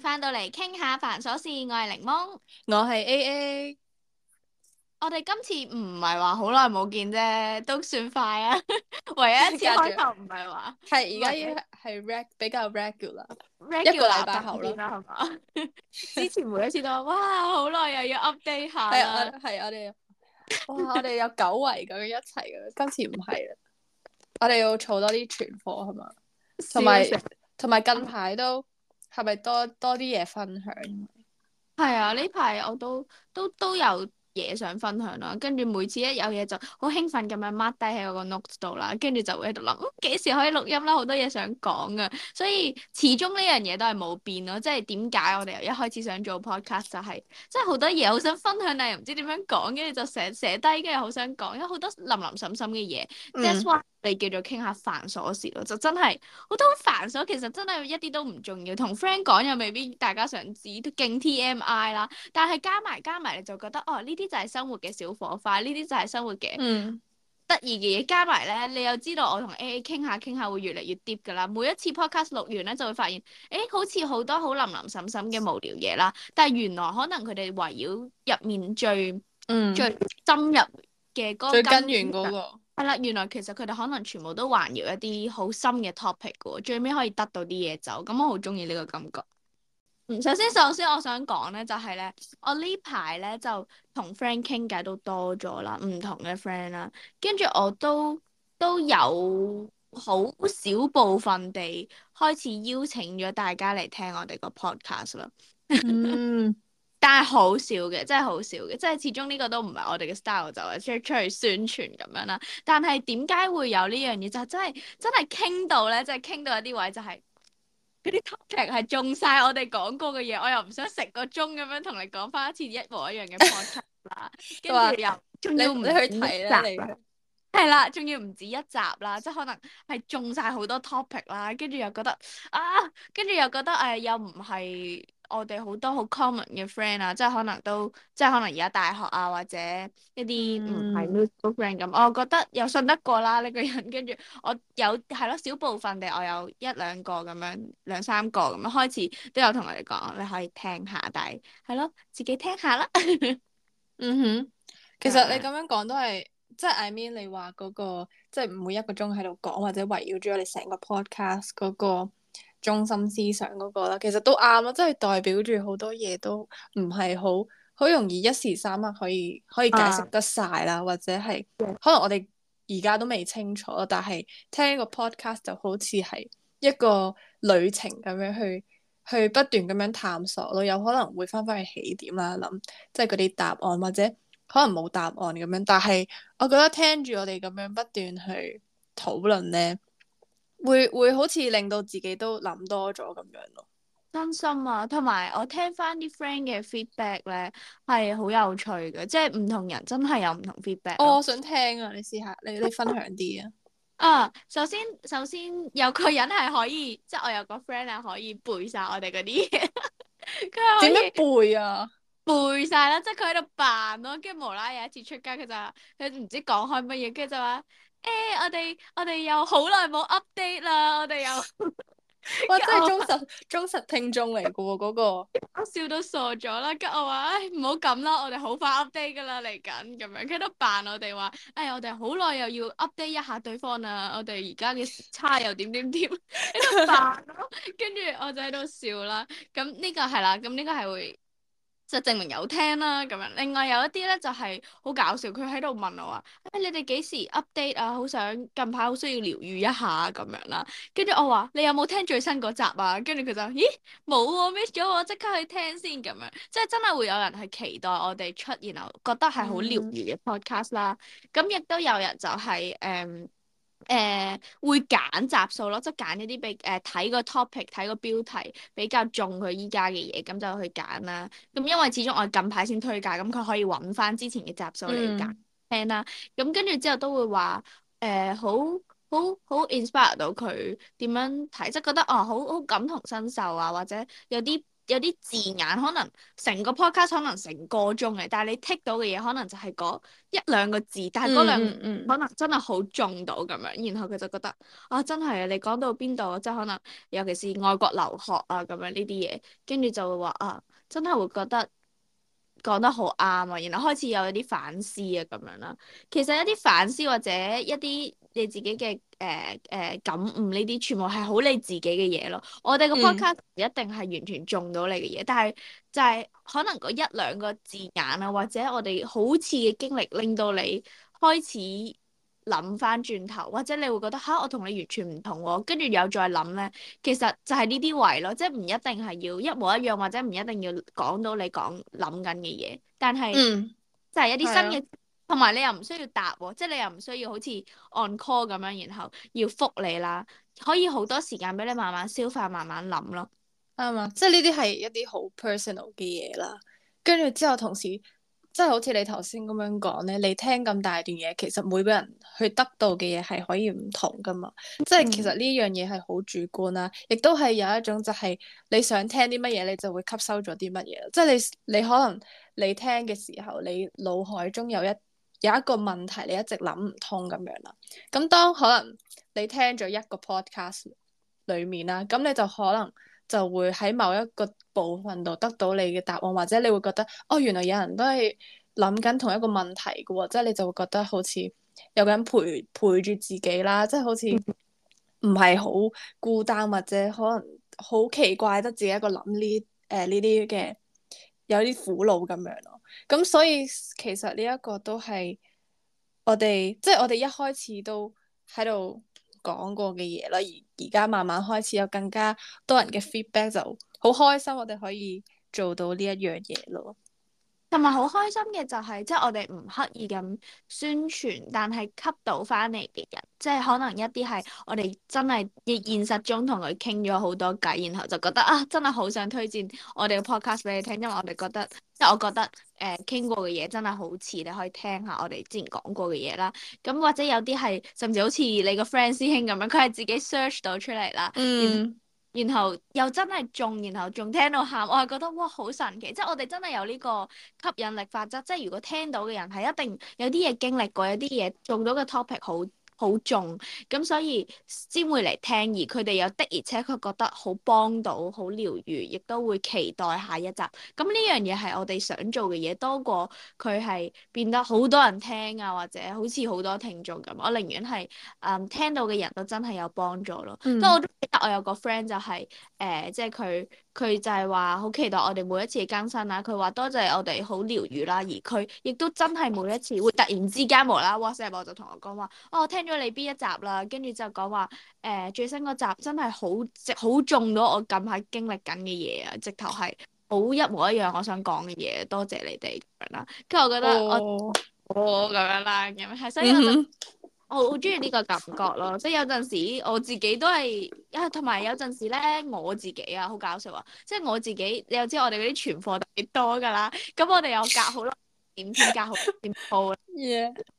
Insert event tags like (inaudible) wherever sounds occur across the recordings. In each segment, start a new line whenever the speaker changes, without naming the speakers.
翻到嚟傾下繁瑣事，我係檸檬，我係 A A。 (noise) 我哋今次唔係話好耐冇見啫，都算快啊！唯一一次 (laughs) 開頭唔係話係而家已係 reg 比較 regular，regular 一個禮拜後啦
係嘛？ (laughs) (laughs) 之前每一次都話哇好耐又要 update 下啦、啊，係 (laughs) 我哋哇我哋有久違咁樣一齊噶， (laughs) 今次唔係啦，我哋要儲多啲存貨係嘛？同埋同埋近排都。 (laughs) 係咪多多啲嘢分享？
係啊，呢排我都都都有嘢想分享啦。跟住每次一有嘢就好興奮咁樣 mark 低喺我個 notes 度啦。跟住就會喺度諗幾時可以錄音啦，好多嘢想講啊。所以始終呢樣嘢都係冇變咯。即係點解我哋由一開始想做 podcast 就係、是，即係好多嘢好想分享，但係又唔知點樣講，跟住就寫寫低，跟住好想講，因為好多林林沈沈嘅嘢。嗯你叫做傾下繁瑣事咯，就真係，覺得好繁瑣，其實真係一啲都唔重要。同 friend 講又未必大家想知，都勁 TMI 啦。但係加埋加埋，你就覺得哦，呢啲就係生活嘅小火花，呢啲就係生活嘅、嗯、得意嘅嘢。加埋咧，你又知道我同 A A 傾下傾下會越嚟越 deep 噶啦。每一次 podcast 錄完咧，就會發現，誒、欸、好似好多好林林沈沈嘅無聊嘢啦。但係原來可能佢哋圍繞入面最、嗯、最深入嘅最根源嗰個。係啦，原來其實佢哋可能全部都環繞一啲好深嘅 topic 喎，最尾可以得到啲嘢走，咁我好中意呢個感覺。嗯，首先首先我想講咧，就係咧，我呢排咧就同 friend 傾偈都多咗啦，唔同嘅 friend 啦，跟住我都都有好少部分地開始邀請咗大家嚟聽我哋個 podcast 啦。嗯但係好少嘅，真係好少嘅，即係始終呢個都唔係我哋嘅 style，就係出去出去宣傳咁樣啦。但係點解會有呢樣嘢？就真係真係傾到咧，即係傾到有啲位就係、是、嗰啲 topic 係中晒我哋講過嘅嘢，我又唔想成個鐘咁樣同你講翻一次一模一樣嘅 topic 啦。跟住 (laughs) 又， (laughs) 你又 (laughs) 要唔去睇咧？係啦，仲要唔止一集啦， (laughs) 即係可能係中晒好多 topic 啦。跟住又覺得啊，跟住又覺得誒，啊、又唔係。我哋好多好 common 嘅 friend 啊，即係可能都，即係可能而家大學啊，或者一啲唔係 musical friend 咁，我覺得又信得過啦呢個人。跟住我有係咯，少部分嘅我有一兩個咁樣，兩三個咁樣開始都有同你講，你可以聽下，但係係咯，自己聽下啦。 (laughs) 嗯哼，其實你咁
樣講都係， (laughs) 即係 I mean 你話嗰個，即係唔會一個鐘喺度講，或者圍繞住我哋成個 podcast 嗰個。中心思想嗰個啦，其實都啱咯，即係代表住好多嘢都唔係好好容易一時三刻可以可以解釋得晒啦，啊、或者係可能我哋而家都未清楚，但係聽個 podcast 就好似係一個旅程咁樣去去不斷咁樣探索咯，有可能會翻返去起點啦，諗即係嗰啲答案或者可能冇答案咁樣，但係我覺得聽住我哋咁樣不斷去討論咧。會會好似令到自己都諗多咗咁樣咯，
真心啊，同埋我聽翻啲 friend 嘅 feedback 咧，係好有趣嘅，即係唔同人真係有唔同 feedback。哦，我想聽啊，你試下，你你分享啲啊。啊，首先首先有個人係可以，即係我有個 friend 係，可以背晒我哋嗰啲。點 (laughs) 樣可以 背啊？背晒啦，即係佢喺度扮咯，跟住無啦啦有一次出街，佢就佢唔知講開乜嘢，跟住就話。誒、欸，我哋我哋又好耐冇 update 啦，我哋又，又，我 (laughs) 真係忠實忠 (laughs) 實聽
眾嚟噶喎，嗰、那個笑
我笑到傻咗啦。跟住我話唉，唔好咁啦，我哋好快 update 噶啦，嚟緊咁樣，佢都扮我哋話唉，我哋好耐又要 update 一下對方啦，我哋而家嘅差又點點點喺度扮咯，跟 (laughs) 住 (laughs) 我就喺度笑啦。咁呢個係啦，咁呢個係會。就證明有聽啦、啊、咁樣，另外有一啲咧就係、是、好搞笑，佢喺度問我話，誒、哎、你哋幾時 update 啊？好想近排好需要療愈一下咁、啊、樣啦。跟住我話：你有冇聽最新嗰集啊？跟住佢就：咦，冇喎，miss 咗喎，即刻去聽先咁樣。即係真係會有人係期待我哋出現，然後覺得係好療愈嘅 podcast 啦。咁亦都有人就係、是、誒。嗯誒、呃、會揀集數咯，即係揀一啲比誒睇、呃、個 topic、睇個標題比較重佢依家嘅嘢，咁就去揀啦。咁因為始終我近排先推介，咁佢可以揾翻之前嘅集數嚟揀聽啦。咁跟住之後都會話誒好、呃、好好 inspire 到佢點樣睇，即係覺得哦好好感同身受啊，或者有啲。有啲字眼可能成個 podcast 可能成個鐘嘅，但係你 take 到嘅嘢可能就係嗰一兩個字，但係嗰兩嗯可能真係好中到咁樣，然後佢就覺得啊真係啊，你講到邊度即係可能，尤其是外國留學啊咁樣呢啲嘢，跟住就會話啊真係會覺得。講得好啱啊，然後開始有一啲反思啊咁樣啦。其實一啲反思或者一啲你自己嘅誒誒感悟呢啲，全部係好你自己嘅嘢咯。我哋個 podcast 唔一定係完全中到你嘅嘢，但係就係、是、可能嗰一兩個字眼啊，或者我哋好似嘅經歷，令到你開始，諗翻轉頭，或者你會覺得吓我同你完全唔同喎，哦，跟住又再諗咧，其實就係呢啲位咯，即係唔一定係要一模一樣，或者唔一定要講到你講諗緊嘅嘢，但係、嗯、就係一啲新嘅，同埋的你又唔需要答，哦，即係你又唔需要好似 on call 咁樣，然後要覆你啦，可以好多時間俾你慢慢消化，慢慢諗咯，啱啊，即係呢啲係一啲好 personal 嘅嘢啦，跟住之後同時。即係好似你
頭先咁樣講咧，你聽咁大段嘢，其實每個人去得到嘅嘢係可以唔同㗎嘛。即係其實呢樣嘢係好主觀啦，亦都係有一種就係你想聽啲乜嘢，你就會吸收咗啲乜嘢。即係你你可能你聽嘅時候，你腦海中有一有一個問題，你一直諗唔通咁樣啦。咁當可能你聽咗一個 podcast 裡面啦，咁你就可能。就會喺某一個部分度得到你嘅答案，或者你會覺得哦，原來有人都係諗緊同一個問題嘅喎，哦，即係你就會覺得好似有個人陪陪住自己啦，即係好似唔係好孤單或者可能好奇怪得自己一個諗呢誒呢啲嘅有啲苦惱咁樣咯。咁所以其實呢一個都係我哋即係我哋一開始都喺度。講過嘅嘢啦，而而家慢慢開始有更加多人嘅 feedback，就好開心，我哋
可以做到呢一
樣嘢咯。
同埋好開心嘅就係、是，即係我哋唔刻意咁宣傳，但係吸到翻嚟嘅人，即係可能一啲係我哋真係現實中同佢傾咗好多偈，然後就覺得啊，真係好想推薦我哋嘅 podcast 俾你聽，因為我哋覺得，即係我覺得誒傾、呃、過嘅嘢真係好似，你可以聽下我哋之前講過嘅嘢啦。咁或者有啲係甚至好似你個 friend 師兄咁樣，佢係自己 search 到出嚟啦。嗯。然後又真係中，然後仲聽到喊，我係覺得哇好神奇！即係我哋真係有呢個吸引力法則，即係如果聽到嘅人係一定有啲嘢經歷過，有啲嘢中到嘅 topic 好好重咁，所以先會嚟聽，而佢哋有的而且確覺得好幫到、好療癒，亦都會期待下一集。咁呢樣嘢係我哋想做嘅嘢多過佢係變得好多人聽啊，或者好似好多聽眾咁。我寧願係誒、嗯、聽到嘅人都真係有幫助咯。咁、嗯、我都記得我有個 friend 就係、是、誒、呃，即係佢。佢就係話好期待我哋每一次嘅更新啦，佢話多謝我哋好療癒啦，而佢亦都真係每一次會突然之間無啦 WhatsApp 我就同佢講話，哦，聽咗你邊一集啦，跟住就講話誒、呃、最新嗰集真係好直好中咗我近排經歷緊嘅嘢啊，直頭係好一模一樣我想講嘅嘢，多謝你哋咁樣啦，跟住我覺得我、哦、我咁樣啦咁樣，係所以我就。嗯我好中意呢個感覺咯，即係有陣時我自己都係啊，同埋有陣時咧我自己啊好搞笑啊，即係我自己你又知我哋嗰啲存貨特別多㗎啦，咁我哋有隔好多點聽，隔好多點鋪，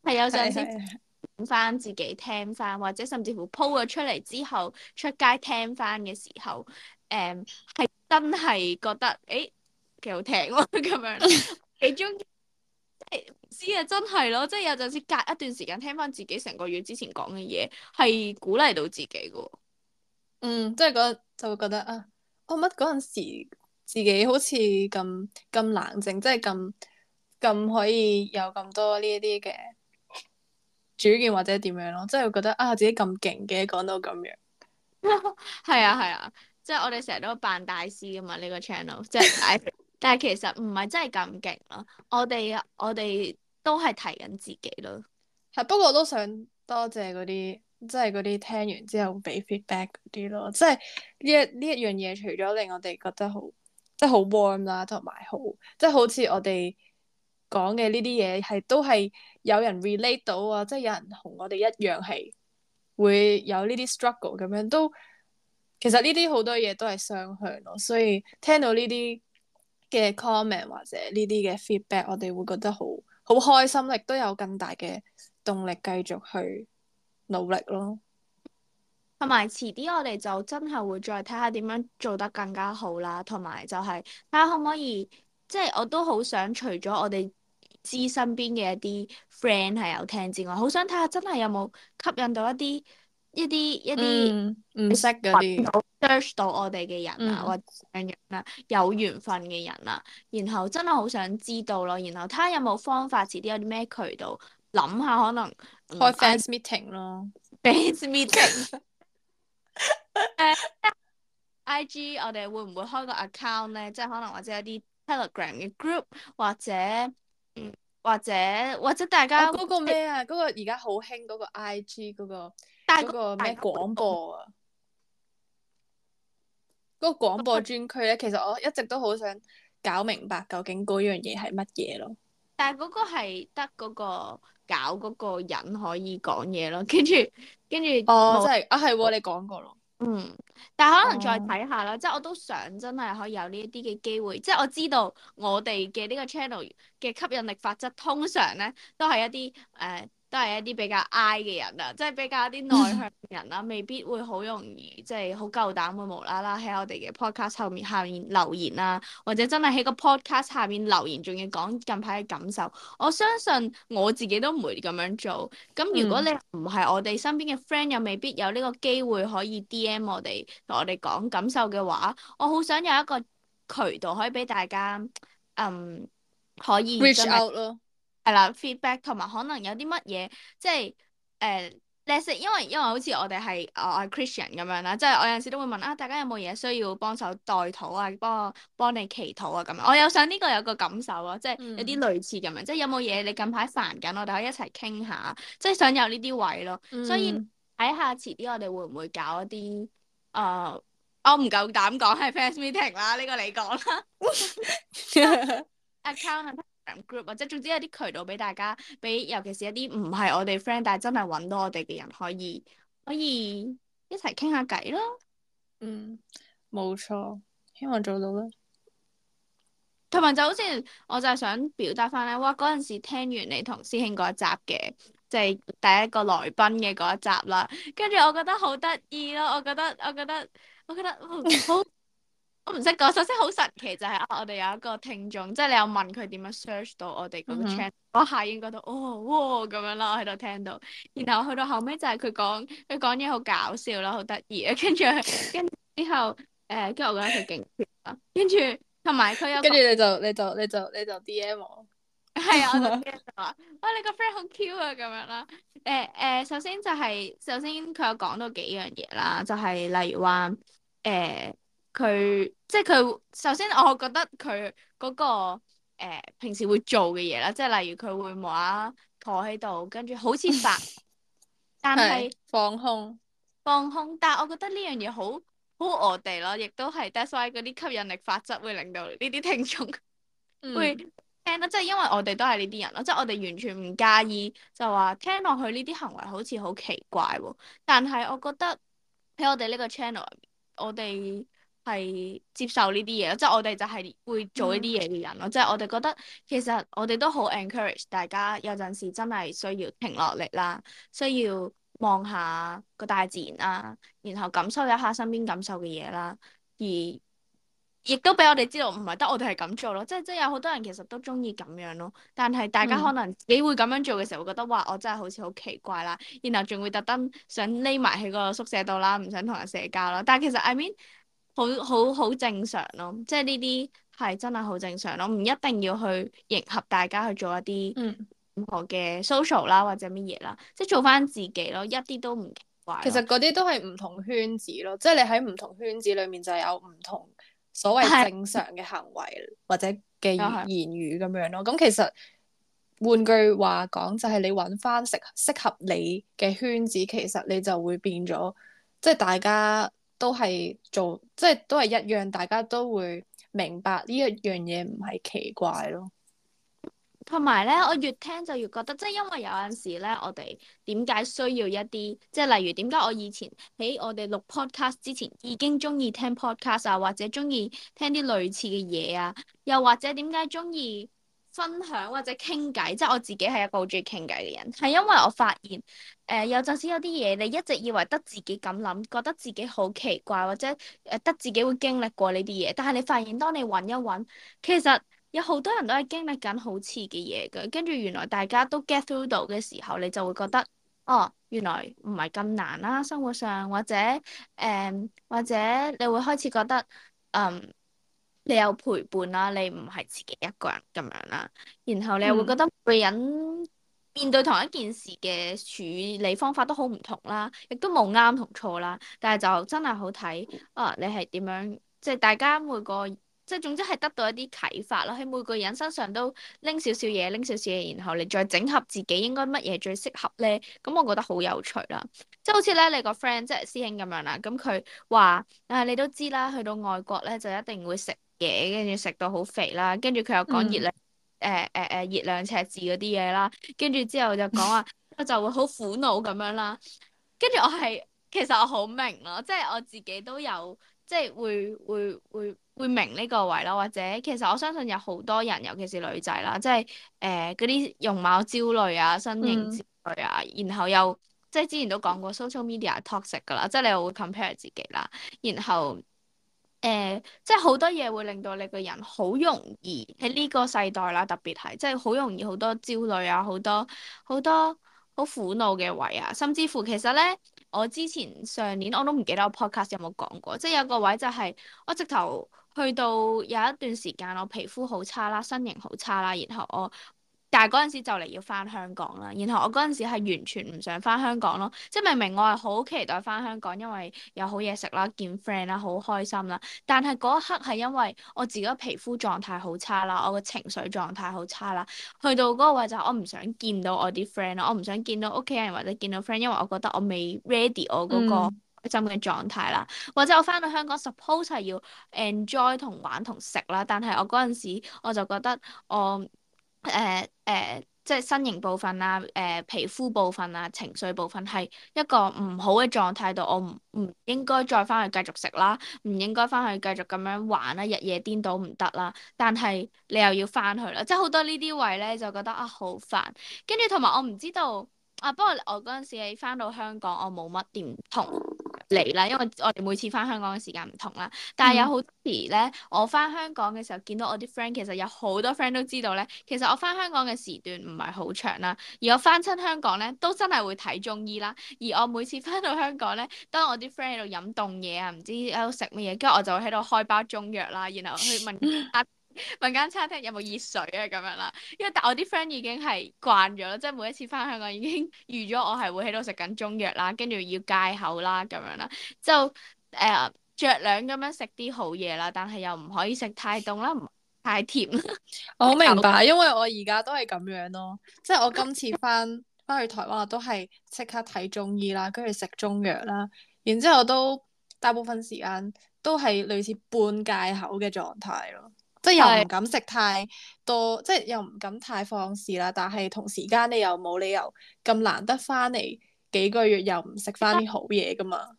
係有陣時整翻自己聽翻，或者甚至乎鋪咗出嚟之後出街聽翻嘅時候，誒、嗯、係真係覺得誒幾、欸、好聽咯咁樣。幾中知啊，真係咯，即係有陣時隔一段時間聽翻自己成個月之前講嘅嘢，係鼓勵到自己噶。
嗯，即係嗰陣就會覺得啊，我乜嗰陣時自己好似咁咁冷靜，即係咁咁可以
有咁多呢啲嘅
主見或者點樣咯，即係會覺得啊自己咁勁嘅講到咁樣。
係啊係啊，即係我哋成日都扮大師噶嘛呢個 channel，即係。就是 (laughs) 但係其實唔係真係咁勁咯，我哋我哋都係提緊自己咯。
係不過我都想多謝嗰啲，即係嗰啲聽完之後俾 feedback 嗰啲咯。即係呢一呢一樣嘢，除咗令我哋覺得好，即係好 warm 啦，同埋好，即係好似我哋講嘅呢啲嘢，係都係有人 relate 到啊，即係有人同我哋一樣係會有呢啲 struggle 咁樣都。其實呢啲好多嘢都係雙向咯，所以聽到呢啲。嘅 comment 或者呢啲嘅 feedback，我哋會覺得好好開心，亦都有更大嘅動力繼續去努力咯。
同埋遲啲我哋就真係會再睇下點樣做得更加好啦，同埋就係睇下可唔可以，即係我都好想除咗我哋知身邊嘅一啲 friend 係有聽之外，好想睇下真係有冇吸引到一啲。一啲一啲唔識嗰啲 search 到我哋嘅人啊，嗯、或者啊，有緣分嘅人啊，然後真係好想知道咯，然後睇下有冇方法，遲啲有啲咩渠道諗下可能開 fans meeting 咯，fans meeting，IG、 (laughs) (laughs) uh, 我哋會唔會開個 account 咧？即係可能或者有啲 Telegram 嘅 group，或者或者或者大家嗰、哦嗰個咩啊？嗰、嗰個而家好興嗰個 IG 嗰、嗰個。嗰個咩廣播
啊？嗰、那個廣播專區咧，其實我一直都好想搞明白究竟嗰樣嘢係乜嘢咯。
但係嗰個係得嗰個搞嗰個人可以講嘢咯，跟住跟住哦，即、就、係、是、啊係喎，你講過咯。嗯，但係可能再睇下啦，哦、即係我都想真係可以有呢一啲嘅機會，即係我知道我哋嘅呢個 channel 嘅吸引力法則通常咧都係一啲誒。呃都係一啲比較 I 嘅人啊，即係比較一啲內向人啦，未必會好容易，即係好夠膽會無啦啦喺我哋嘅 podcast 後面下面留言啊，或者真係喺個 podcast 下面留言，仲要講近排嘅感受。我相信我自己都唔會咁樣做。咁如果你唔係我哋身邊嘅 friend，又未必有呢個機會可以 DM 我哋同我哋講感受嘅話，我好想有一個渠道可以俾大家，嗯，可以 reach out 咯。係啦、啊、feedback 同埋可能有啲乜嘢，即係誒 let's say，因為因為好似我哋係誒 Christian 咁樣啦，即係我有陣時都會問啊，大家有冇嘢需要幫手代禱啊，幫我幫你祈禱啊咁樣。我有想呢個有個感受咯、啊，即係有啲類似咁樣，即係有冇嘢你近排煩緊，我哋可以一齊傾下，即係想有呢啲位咯。嗯、所以睇下遲啲我哋會唔會搞一啲誒、呃，我唔夠膽講係 fans meeting 啦，呢、這個你講啦、 (laughs) (laughs) 啊。a account (laughs) group 或者總之有啲渠道俾大家，俾尤其是一啲唔係我哋 friend 但係真係揾到我哋嘅人可以可以一齊傾下偈咯。嗯，冇錯，希望做到啦。同埋就好似我就係想表達翻咧，哇！嗰陣時聽完你同師兄嗰一集嘅，即係第一個來賓嘅嗰一集啦，跟住我覺得好得意咯，我覺得我覺得我覺得好。 (laughs) 我唔識講，首先好神奇就係、是啊、我哋有一個聽眾，即係你有問佢點樣 search 到我哋嗰個 channel，、mm hmm. 我、哦、下已經覺得，哦喎咁、哦、樣啦，喺度聽到。然後去到後尾，就係佢講，佢講嘢好搞笑啦，好得意啊。跟住，跟之後，誒，跟住、呃、我覺得佢勁 Q 跟住同埋佢有跟住你就你就
你就你就，
就 D M 我。係啊，我住就哇、 (laughs) 哦！你個 friend 好 Q 啊，咁樣啦。誒、呃、誒、呃，首先就係、是、首先佢有講到幾樣嘢啦，就係、是、例如話誒。呃佢即係佢首先，我覺得佢嗰、嗰個、呃、平時會做嘅嘢啦，即係例如佢會無啦啦坐喺度，跟住好似發，
但係
放空，放空。但係我覺得呢樣嘢好好我哋咯，亦都係，That's why 嗰啲吸引力法則會令到呢啲聽眾、嗯、會聽咯，即係因為我哋都係呢啲人咯，即係我哋完全唔介意就話聽落去呢啲行為好似好奇怪喎，但係我覺得喺我哋呢個 channel，我哋。係接受呢啲嘢，即係我哋就係會做呢啲嘢嘅人咯，即係、嗯、我哋覺得其實我哋都好 encourage 大家有陣時真係需要停落嚟啦，需要望下個大自然啦，然後感受一下身邊感受嘅嘢啦，而亦都俾我哋知道唔係得我哋係咁做咯，即係即係有好多人其實都中意咁樣咯，但係大家可能你會咁樣做嘅時候會覺得嘩，我真係好似好奇怪啦，然後仲會特登想匿埋喺個宿舍度啦，唔想同人社交咯，但係其實 I mean。好好好正常咯，即係呢啲係真係好正常咯，唔一定要去迎合大家去做一啲咁個嘅 social 啦或者乜嘢啦，即係做翻自己咯，一啲都唔奇怪。其實嗰啲都係唔同圈子咯，即係你喺唔同圈子裡面就有唔同所謂正
常嘅行為的或者嘅言語咁樣咯。咁其實換句話講，就係、是、你揾翻適適合你嘅圈子，其實你就會變咗，即係大家。都係做，即係都係一樣，大家都會明白呢一樣嘢唔係奇怪咯。
同埋咧，我越聽就越覺得，即係因為有陣時咧，我哋點解需要一啲，即係例如點解我以前喺我哋錄 podcast 之前已經中意聽 podcast 啊，或者中意聽啲類似嘅嘢啊，又或者點解中意？分享或者傾偈，即係我自己係一個好中意傾偈嘅人，係因為我發現，誒有陣時有啲嘢你一直以為得自己咁諗，覺得自己好奇怪或者誒得自己會經歷過呢啲嘢，但係你發現當你揾一揾，其實有好多人都係經歷緊好似嘅嘢，跟住原來大家都 get through 到嘅時候，你就會覺得，哦原來唔係咁難啦，生活上或者誒或者你會開始覺得，嗯。你有陪伴啦，你唔係自己一個人咁樣啦，然後你又會覺得每人面對同一件事嘅處理方法都好唔同啦，亦都冇啱同錯啦，但係就真係好睇、嗯、啊！你係點樣即係大家每個。即係總之係得到一啲啟發咯，喺每個人身上都拎少少嘢，拎少少嘢，然後你再整合自己應該乜嘢最適合咧，咁我覺得好有趣啦。即係好似咧，你個 friend 即係師兄咁樣啦，咁佢話啊，你都知啦，去到外國咧就一定會食嘢，跟住食到好肥啦，跟住佢又講熱量，誒誒誒熱量赤字嗰啲嘢啦，跟住之後就講話、啊， (laughs) 我就會好苦惱咁樣啦。跟住我係其實我好明咯，即係我自己都有，即係會會會。會會會明呢個位啦，或者其實我相信有好多人，尤其是女仔啦，即係誒嗰啲容貌焦慮啊、身形焦慮啊，嗯、然後又即係之前都講過 social media toxic 㗎啦，即係你又會 compare 自己啦，然後誒、呃、即係好多嘢會令到你個人好容易喺呢個世代啦，特別係即係好容易好多焦慮啊，好多好多好苦惱嘅位啊，甚至乎其實呢，我之前上年我都唔記得我 podcast 有冇講過，即係有個位就係、是、我直頭。去到有一段時間，我皮膚好差啦，身形好差啦，然後我，但係嗰陣時就嚟要翻香港啦，然後我嗰陣時係完全唔想翻香港咯，即係明明我係好期待翻香港，因為有好嘢食啦，見 friend 啦，好開心啦，但係嗰一刻係因為我自己個皮膚狀態好差啦，我個情緒狀態好差啦，去到嗰個位就我唔想見到我啲 friend 啦，我唔想見到屋企人或者見到 friend，因為我覺得我未 ready 我嗰個、嗯。一陣嘅狀態啦，或者我翻到香港，suppose 係要 enjoy 同玩同食啦。但係我嗰陣時我就覺得我誒誒、呃呃，即係身形部分啊、誒、呃、皮膚部分啊、情緒部分係一個唔好嘅狀態度，我唔唔應該再翻去繼續食啦，唔應該翻去繼續咁樣玩啦，日夜顛倒唔得啦。但係你又要翻去啦，即係好多呢啲位咧，就覺得啊好煩。跟住同埋我唔知道啊，不過我嗰陣時喺翻到香港，我冇乜點同，嚟啦，因為我哋每次翻香港嘅時間唔同啦，但係有好時咧，我翻香港嘅時候見到我啲 friend，其實有好多 friend 都知道咧，其實我翻香港嘅時段唔係好長啦，而我翻親香港咧都真係會睇中醫啦，而我每次翻到香港咧，當我啲 friend 喺度飲凍嘢啊，唔知喺度食乜嘢，跟住我就會喺度開包中藥啦，然後去問 (laughs) 問間餐廳有冇熱水啊？咁樣啦，因為但我啲 friend 已經係慣咗啦，即係每一次翻香港已經預咗我係會喺度食緊中藥啦，跟住要戒口啦，咁樣啦，就誒着涼咁樣食啲好嘢啦，但係又唔可以食太凍啦，唔太甜。我好明白，味因為我而家都係咁樣咯，
即係我今次翻翻 (laughs) 去台灣，我都係即刻睇中醫啦，跟住食中藥啦，然之後都大部分時間都係類似半戒口嘅狀態咯。即係又唔敢食太多，對即係又唔敢太放肆啦。但係同時間你又冇理由咁難得翻嚟幾個月又唔食翻啲好嘢㗎嘛。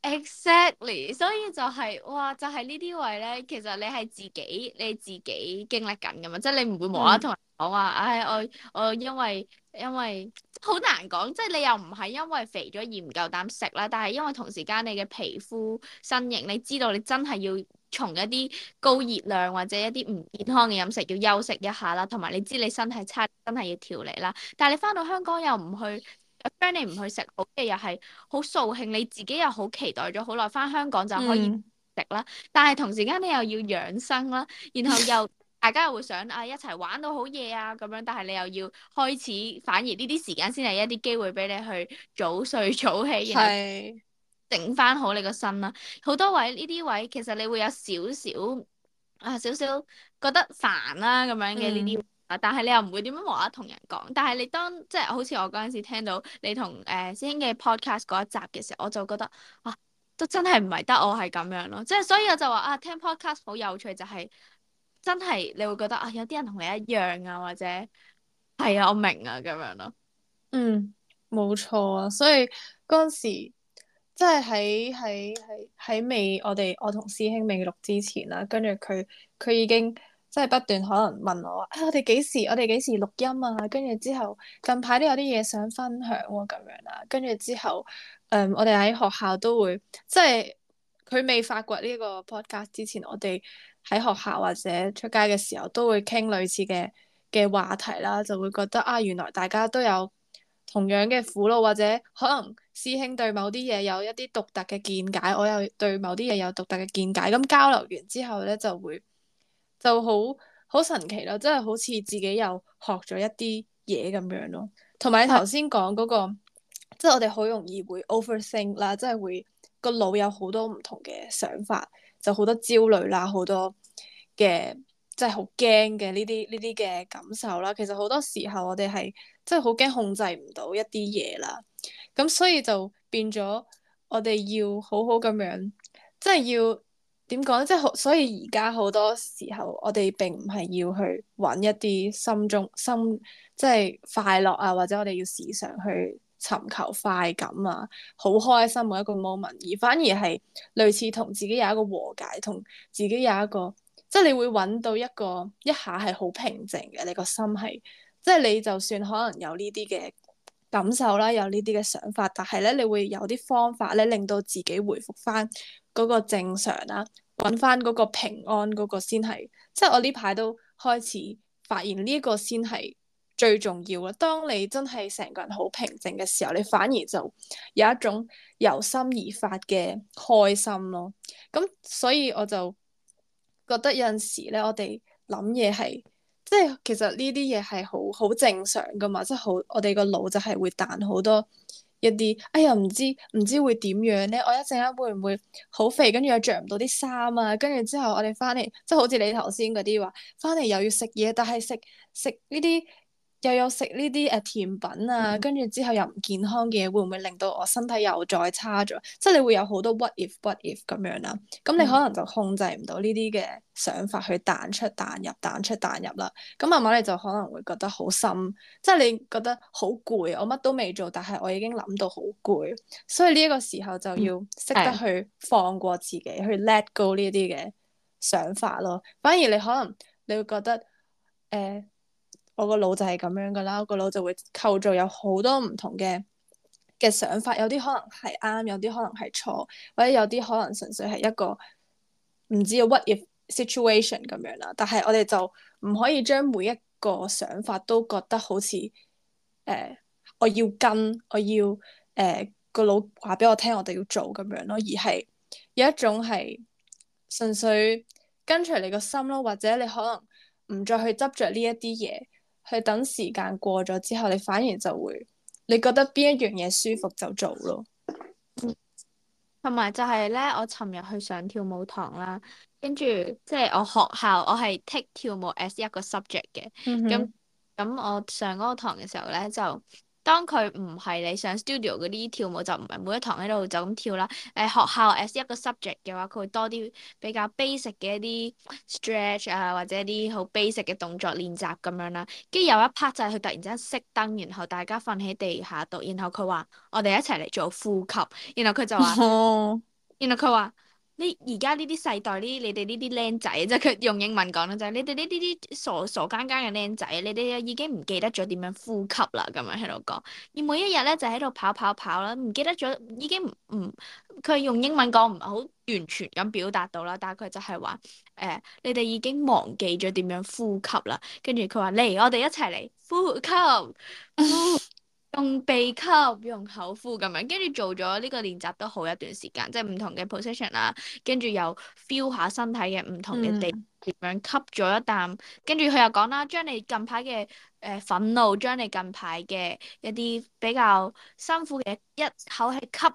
Exactly，所以就係、是、哇，就係、是、呢啲位咧，其實你係自己，你自己經歷緊㗎嘛。即係你唔會無啦啦同人講話，唉、嗯哎，我我因為因為好難講，即係你又唔係因為肥咗而唔夠膽食啦，但係因為同時間你嘅皮膚身形，你知道你真係要。從一啲高熱量或者一啲唔健康嘅飲食，要休息一下啦，同埋你知你身體差，真係要調理啦。但係你翻到香港又唔去，friend 你唔去食好嘅，又係好掃興。你自己又好期待咗好耐，翻香港就可以食啦。嗯、但係同時間你又要養生啦，然後又 (laughs) 大家又會想啊一齊玩到好夜啊咁樣，但係你又要開始，反而呢啲時間先係一啲機會俾你去早睡早起，然後。整翻好你個身啦，好多位呢啲位，其實你會有少少啊，少少覺得煩啦咁樣嘅呢啲，但係你又唔會點樣話同人講。但係你當即係好似我嗰陣時聽到你同誒、呃、師兄嘅 podcast 嗰一集嘅時候，我就覺得啊，都真係唔係得我係咁樣咯，即係所以我就話啊，聽 podcast 好有趣，就是，就係真係你會覺得啊，有啲人同你一樣啊，或者係啊，我明啊咁樣咯。
嗯，冇錯啊，所以嗰陣時。即係喺喺喺喺未，我哋我同師兄未錄之前啦，跟住佢佢已經即係不斷可能問我啊、哎，我哋幾時我哋幾時錄音啊？跟住之後近排都有啲嘢想分享喎、哦、咁樣啦，跟住之後誒、嗯、我哋喺學校都會即係佢未發掘呢個 podcast 之前，我哋喺學校或者出街嘅時候都會傾類似嘅嘅話題啦，就會覺得啊原來大家都有。同樣嘅苦惱，或者可能師兄對某啲嘢有一啲獨特嘅見解，我又對某啲嘢有獨特嘅見解，咁交流完之後咧，就會就好好神奇咯，真係好似自己又學咗一啲嘢咁樣咯。同埋你頭先講嗰個，即係我哋好容易會 overthink 啦，即係會個腦有好多唔同嘅想法，就好多焦慮啦，好多嘅即係好驚嘅呢啲呢啲嘅感受啦。其實好多時候我哋係。真係好驚控制唔到一啲嘢啦，咁所以就變咗我哋要好好咁樣，即係要點講呢？即係好，所以而家好多時候我哋並唔係要去揾一啲心中心即係快樂啊，或者我哋要時常去尋求快感啊，好開心每一個 moment，而反而係類似同自己有一個和解，同自己有一個，即係你會揾到一個一下係好平靜嘅，你個心係。即係你就算可能有呢啲嘅感受啦，有呢啲嘅想法，但係咧，你會有啲方法咧，令到自己回復翻嗰個正常啦，啊，揾翻嗰個平安嗰個先係。即係我呢排都開始發現呢一個先係最重要咯。當你真係成個人好平靜嘅時候，你反而就有一種由心而發嘅開心咯。咁所以我就覺得有陣時咧，我哋諗嘢係。即係其實呢啲嘢係好好正常噶嘛，即係好我哋個腦就係會彈好多一啲，哎呀唔知唔知會點樣咧？我一陣間會唔會好肥，跟住又着唔到啲衫啊？跟住之後我哋翻嚟，即係好似你頭先嗰啲話，翻嚟又要食嘢，但係食食呢啲。又有食呢啲誒甜品啊，跟住、嗯、之後又唔健康嘅嘢，會唔會令到我身體又再差咗？即係你會有好多 what if what if 咁樣啦。咁、嗯、你可能就控制唔到呢啲嘅想法去彈出彈入、彈出彈入啦。咁慢慢你就可能會覺得好深，即係你覺得好攰。我乜都未做，但係我已經諗到好攰。所以呢一個時候就要識得去放過自己，嗯、去 let go 呢啲嘅想法咯。反而你可能你會覺得誒、呃我個腦就係咁樣噶啦，我個腦就會構造有好多唔同嘅嘅想法，有啲可能係啱，有啲可能係錯，或者有啲可能純粹係一個唔知 what if situation 咁樣啦。但係我哋就唔可以將每一個想法都覺得好似誒、呃、我要跟我要誒、呃、個腦話俾我聽，我哋要做咁樣咯，而係有一種係純粹跟隨你個心咯，或者你可能唔再去執着呢一啲嘢。去等時間過咗之後，你反而就會你覺得邊一樣嘢舒服就做咯。
同埋就係咧，我尋日去上跳舞堂啦，跟住即係我學校我係 take 跳舞 as 一個 subject 嘅。嗯哼。咁咁，我上嗰個堂嘅時候咧就。當佢唔係你上 studio 嗰啲跳舞，就唔係每一堂喺度就咁跳啦。誒、呃、學校 as 一個 subject 嘅話，佢會多啲比較 basic 嘅一啲 stretch 啊，或者啲好 basic 嘅動作練習咁樣啦。跟住有一 part 就係佢突然之間熄燈，然後大家瞓喺地下度，然後佢話我哋一齊嚟做呼吸，然後佢就話，Oh. 然後佢話。啲而家呢啲世代呢，你哋呢啲僆仔，即係佢用英文講咧，就係你哋呢啲啲傻傻更更嘅僆仔，你哋已經唔記得咗點樣呼吸啦，咁樣喺度講。而每一日咧就喺度跑跑跑啦，唔記得咗，已經唔、嗯、佢用英文講唔好完全咁表達到啦，但係佢就係話誒，你哋已經忘記咗點樣呼吸啦。跟住佢話嚟，我哋一齊嚟呼吸。呼 (laughs) 用鼻吸，用口呼咁樣，跟住做咗呢個練習都好一段時間，即係唔同嘅 position 啦、啊。跟住又 feel 下身體嘅唔同嘅地點樣吸咗一啖，跟住佢又講啦，將你近排嘅誒憤怒，將你近排嘅一啲比較辛苦嘅一口氣吸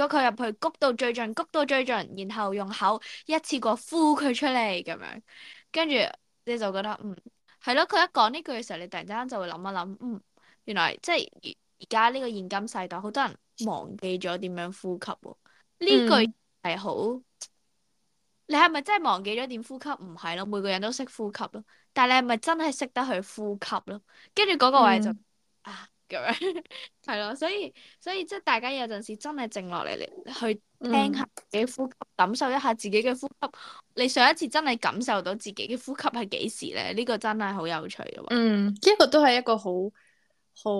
咗佢入去，谷到最盡，谷到最盡，然後用口一次過呼佢出嚟咁樣。跟住你就覺得嗯係咯，佢一講呢句嘅時候，你突然間就會諗一諗，嗯，原來即係。而家呢個現今世代，好多人忘記咗點樣呼吸喎。呢、嗯、句係好，你係咪真係忘記咗點呼吸？唔係咯，每個人都識呼吸咯。但係你係咪真係識得去呼吸咯？跟住嗰個位就、嗯、啊咁樣，係 (laughs) 咯。所以所以即係大家有陣時真係靜落嚟嚟去聽下自己呼吸，嗯、感受一下自己嘅呼吸。你上一次真係感受到自己嘅呼吸係幾時咧？呢、這個真係好有趣嘅
喎。嗯，呢、這個都係一個好。好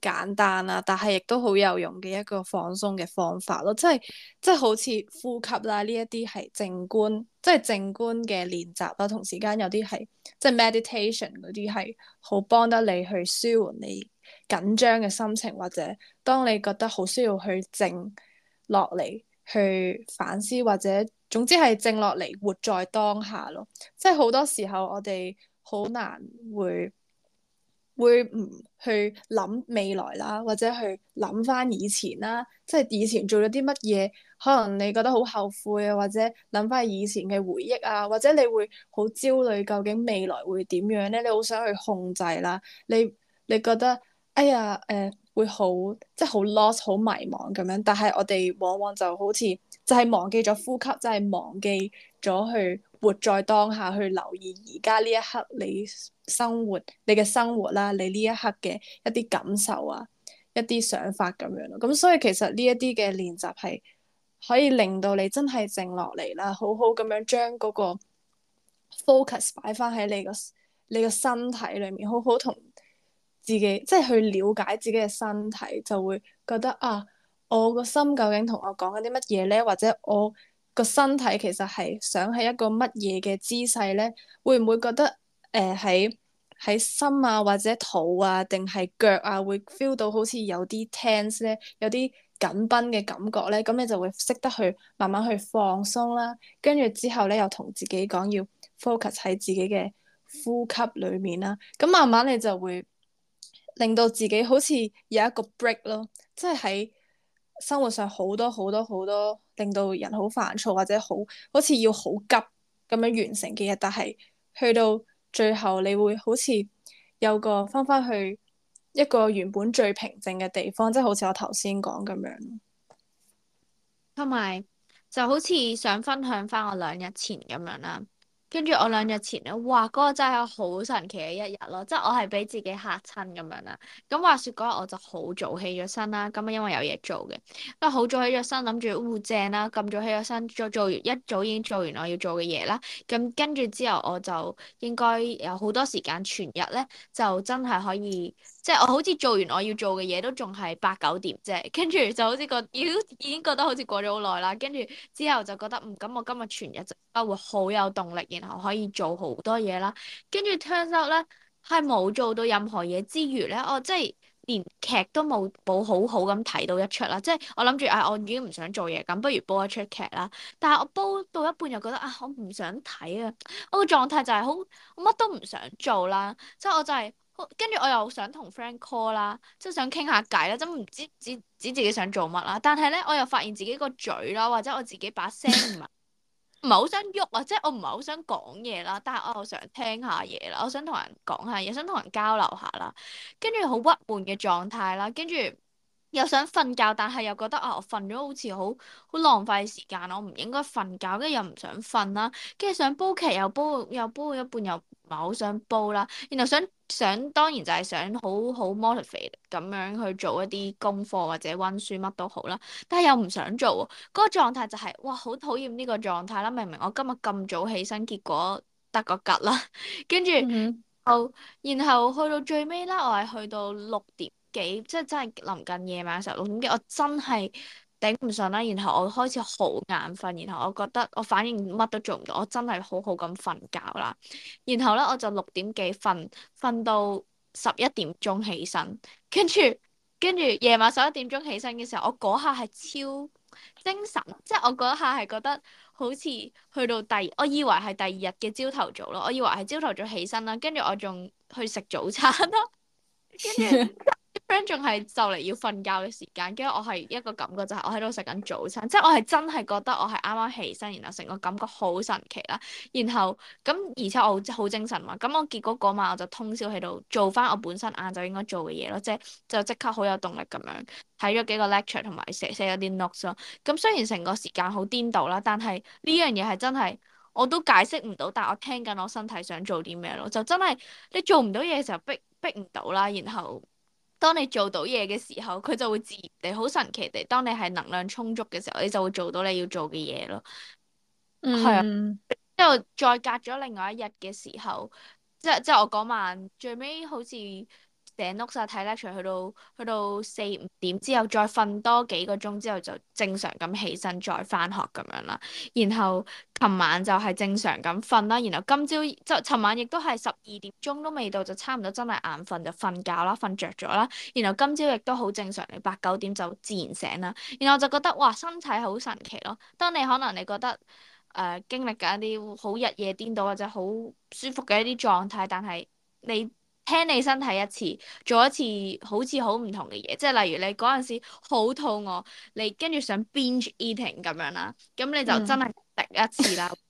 簡單啦，啊，但係亦都好有用嘅一個放鬆嘅方法咯，即係即係好似呼吸啦，呢一啲係靜觀，即係靜觀嘅練習啦，同時間有啲係即係 meditation 嗰啲係好幫得你去舒緩你緊張嘅心情，或者當你覺得好需要去靜落嚟去反思，或者總之係靜落嚟活在當下咯，即係好多時候我哋好難會。會唔去諗未來啦，或者去諗翻以前啦，即係以前做咗啲乜嘢，可能你覺得好後悔啊，或者諗翻以前嘅回憶啊，或者你會好焦慮，究竟未來會點樣呢？你好想去控制啦，你你覺得哎呀，誒、呃、會好即係好 lost，好迷茫咁樣，但係我哋往往就好似就係忘記咗呼吸，就係、是、忘記咗去。活在當下，去留意而家呢一刻你生活你嘅生活啦，你呢一刻嘅一啲感受啊，一啲想法咁樣咯。咁所以其實呢一啲嘅練習係可以令到你真係靜落嚟啦，好好咁樣將嗰個 focus 擺翻喺你個你個身體裏面，好好同自己即係去了解自己嘅身體，就會覺得啊，我個心究竟同我講緊啲乜嘢呢？或者我。個身體其實係想喺一個乜嘢嘅姿勢咧？會唔會覺得誒喺喺心啊，或者肚啊，定係腳啊，會 feel 到好似有啲 tense 咧，有啲緊繃嘅感覺咧？咁你就會識得去慢慢去放鬆啦。跟住之後咧，又同自己講要 focus 喺自己嘅呼吸裏面啦。咁慢慢你就會令到自己好似有一個 break 咯，即係喺生活上好多好多好多。令到人好煩躁或者好好似要好急咁樣完成嘅嘢，但係去到最後你會好似有個返返去一個原本最平靜嘅地方，即係好似我頭先講咁樣。
同埋就好似想分享翻我兩日前咁樣啦。跟住我兩日前咧，哇！嗰個真係好神奇嘅一日咯，即係我係俾自己嚇親咁樣啦。咁話説嗰日我就好早起咗身啦，咁因為有嘢做嘅，咁好早起咗身，諗住嘩，正啦，咁早起咗身再做，做完一早已經做完我要做嘅嘢啦。咁跟住之後我就應該有好多時間全日咧，就真係可以。即係我好似做完我要做嘅嘢，都仲係八九點啫，跟住就好似覺，已已經覺得好似過咗好耐啦。跟住之後就覺得，嗯，咁我今日全日就啊會好有動力，然後可以做好多嘢啦。跟住 turns out 咧，係冇做到任何嘢之餘咧，我即係連劇都冇冇好好咁睇到一出啦。即係我諗住啊，我已經唔想做嘢，咁不如煲一出劇啦。但係我煲到一半又覺得啊，我唔想睇啊，我個狀態就係好，我乜都唔想做啦，即係我就係。跟住我又想同 friend call 啦，即係想傾下偈啦，真唔知指指自己想做乜啦。但係咧，我又發現自己個嘴啦，或者我自己把聲唔係唔係好想喐啊，即係我唔係好想講嘢啦。但係我又想聽下嘢啦，我想同人講下嘢，想同人交流下啦。跟住好鬱悶嘅狀態啦，跟住又想瞓覺，但係又覺得啊、哦，我瞓咗好似好好浪費時間，我唔應該瞓覺，跟住又唔想瞓啦，跟住想煲劇又煲又煲一半又～唔係好想煲啦，然後想想當然就係想好好 motivate 咁樣去做一啲功課或者温書乜都好啦，但係又唔想做喎。嗰、那個狀態就係、是、哇，好討厭呢個狀態啦！明明我今日咁早起身，結果得個吉啦，跟住後然後去、嗯、到最尾啦，我係去到六點幾，即係真係臨近夜晚嘅時候六點幾，我真係～頂唔順啦，然後我開始好眼瞓，然後我覺得我反應乜都做唔到，我真係好好咁瞓覺啦。然後咧，我就六點幾瞓，瞓到十一點鐘起身，跟住跟住夜晚十一點鐘起身嘅時候，我嗰下係超精神，即係我嗰下係覺得好似去到第二，我以為係第二日嘅朝頭早咯，我以為係朝頭早起身啦，跟住我仲去食早餐咯，跟住。 (laughs) 啲 friend 仲係就嚟要瞓覺嘅時間，跟住我係一個感覺就係我喺度食緊早餐，即係我係真係覺得我係啱啱起身，然後成個感覺好神奇啦。然後咁而且我好好精神嘛，咁我結果嗰晚我就通宵喺度做翻我本身晏晝應該做嘅嘢咯，即係就即刻好有動力咁樣睇咗幾個 lecture 同埋寫寫咗啲 notes 咯。咁雖然成個時間好顛倒啦，但係呢樣嘢係真係我都解釋唔到，但係我聽緊我身體想做啲咩咯，就真係你做唔到嘢嘅時候逼逼唔到啦，然後。當你做到嘢嘅時候，佢就會自然地、好神奇地，當你係能量充足嘅時候，你就會做到你要做嘅嘢咯。係啊、mm.，之後再隔咗另外一日嘅時候，即係即係我嗰晚最尾好似。醒碌曬睇 lecture 去到去到四五點之後，再瞓多幾個鐘之後就正常咁起身再翻學咁樣啦。然後琴晚就係正常咁瞓啦。然後今朝即係琴晚亦都係十二點鐘都未到，就差唔多真係眼瞓就瞓覺啦，瞓着咗啦。然後今朝亦都好正常，你八九點就自然醒啦。然後我就覺得哇，身體好神奇咯。當你可能你覺得誒、呃、經歷緊一啲好日夜顛倒或者好舒服嘅一啲狀態，但係你。聽你身體一次，做一次好似好唔同嘅嘢，即係例如你嗰陣時好肚餓，你跟住想 binge eating 咁樣啦，咁你就真係食一次啦。嗯 (laughs)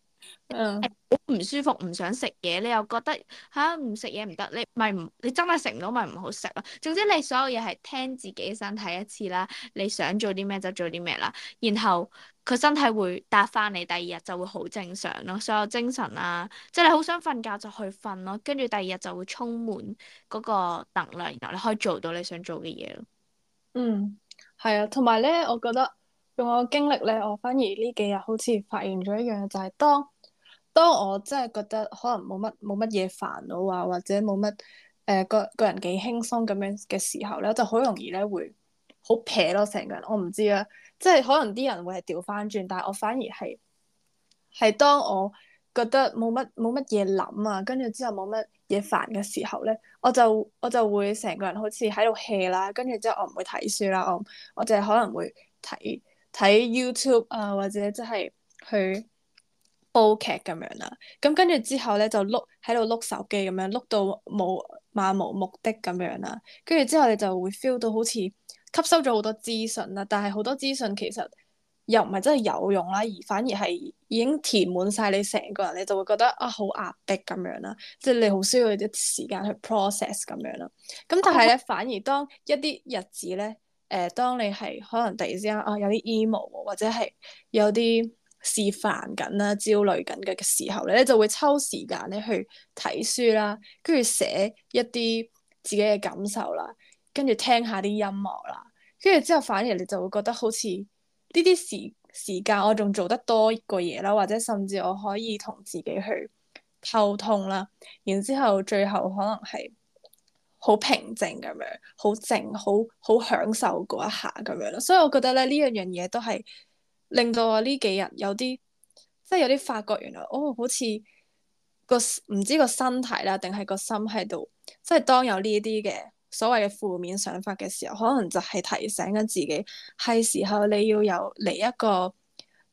好唔舒服，唔想食嘢，你又覺得吓唔食嘢唔得，你咪唔你真係食唔到咪唔好食咯。總之你所有嘢係聽自己身體一次啦，你想做啲咩就做啲咩啦。然後佢身體會答翻你，第二日就會好正常咯。所有精神啊，即係你好想瞓覺就去瞓咯，跟住第二日就會充滿嗰個能量，然後你可以做到你想做嘅嘢咯。
嗯，係啊，同埋咧，我覺得用我嘅經歷咧，我反而呢幾日好似發現咗一樣嘢，就係當。當我真係覺得可能冇乜冇乜嘢煩惱啊，或者冇乜誒個個人幾輕鬆咁樣嘅時候咧，就好容易咧會好撇咯成個人。我唔知啊，即係可能啲人會係調翻轉，但係我反而係係當我覺得冇乜冇乜嘢諗啊，跟住之後冇乜嘢煩嘅時候咧，我就我就會成個人好似喺度 hea 啦，跟住之後我唔會睇書啦，啊，我我淨係可能會睇睇 YouTube 啊，或者即係去。煲劇咁樣啦，咁跟住之後咧就碌喺度碌手機咁樣碌到冇漫無目的咁樣啦，跟住之後你就會 feel 到好似吸收咗好多資訊啦，但係好多資訊其實又唔係真係有用啦，而反而係已經填滿晒你成個人，你就會覺得啊好壓迫咁樣啦，即係你好需要一啲時間去 process 咁樣啦。咁但係咧、啊、反而當一啲日子咧，誒、呃，當你係可能突然之間啊有啲 emo 或者係有啲。示範緊啦，焦慮緊嘅時候咧，你就會抽時間咧去睇書啦，跟住寫一啲自己嘅感受啦，跟住聽下啲音樂啦，跟住之後反而你就會覺得好似呢啲時時間我仲做得多過嘢啦，或者甚至我可以同自己去溝通啦，然之後最後可能係好平靜咁樣，好靜，好好享受嗰一下咁樣咯。所以我覺得咧呢樣樣嘢都係。令到我呢幾日有啲，即係有啲發覺，原來哦，好似個唔知個身體啦，定係個心喺度，即係當有呢啲嘅所謂嘅負面想法嘅時候，可能就係提醒緊自己，係時候你要有嚟一個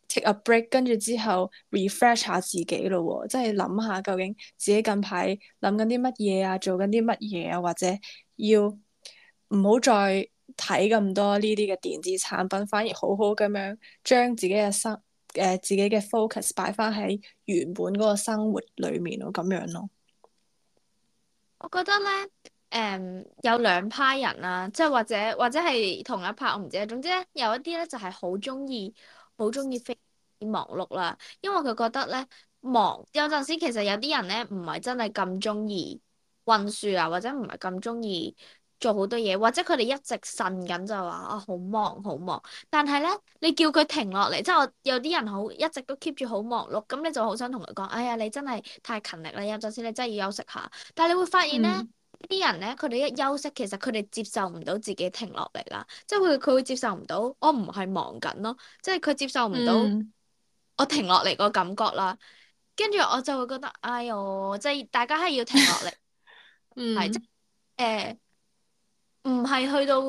take a break，跟住之後 refresh 下自己咯。哦，即係諗下究竟自己近排諗緊啲乜嘢啊，做緊啲乜嘢啊，或者要唔好再。睇咁多呢啲嘅電子產品，反而好好咁樣將自己嘅生誒自己嘅 focus 擺翻喺原本嗰個生活裡面咯，咁樣
咯。我覺得咧，誒、嗯、有兩派人啦、啊，即係或者或者係同一派，我唔知。總之咧，有一啲咧就係好中意，好中意非忙碌啦，因為佢覺得咧忙有陣時其實有啲人咧唔係真係咁中意温書啊，或者唔係咁中意。做好多嘢，或者佢哋一直呻緊就話啊好忙好忙，但係咧你叫佢停落嚟，即係我有啲人好一直都 keep 住好忙碌，咁你就好想同佢講，哎呀你真係太勤力啦，有陣時你真係要休息下。但係你會發現咧，啲、嗯、人咧佢哋一休息，其實佢哋接受唔到自己停落嚟啦，即係佢佢會接受唔到我唔係忙緊咯，即係佢接受唔到我停落嚟個感覺啦。跟住、嗯、我就會覺得，哎呦，即係大家係要停落嚟，係、 (laughs) 嗯、即係誒唔係去到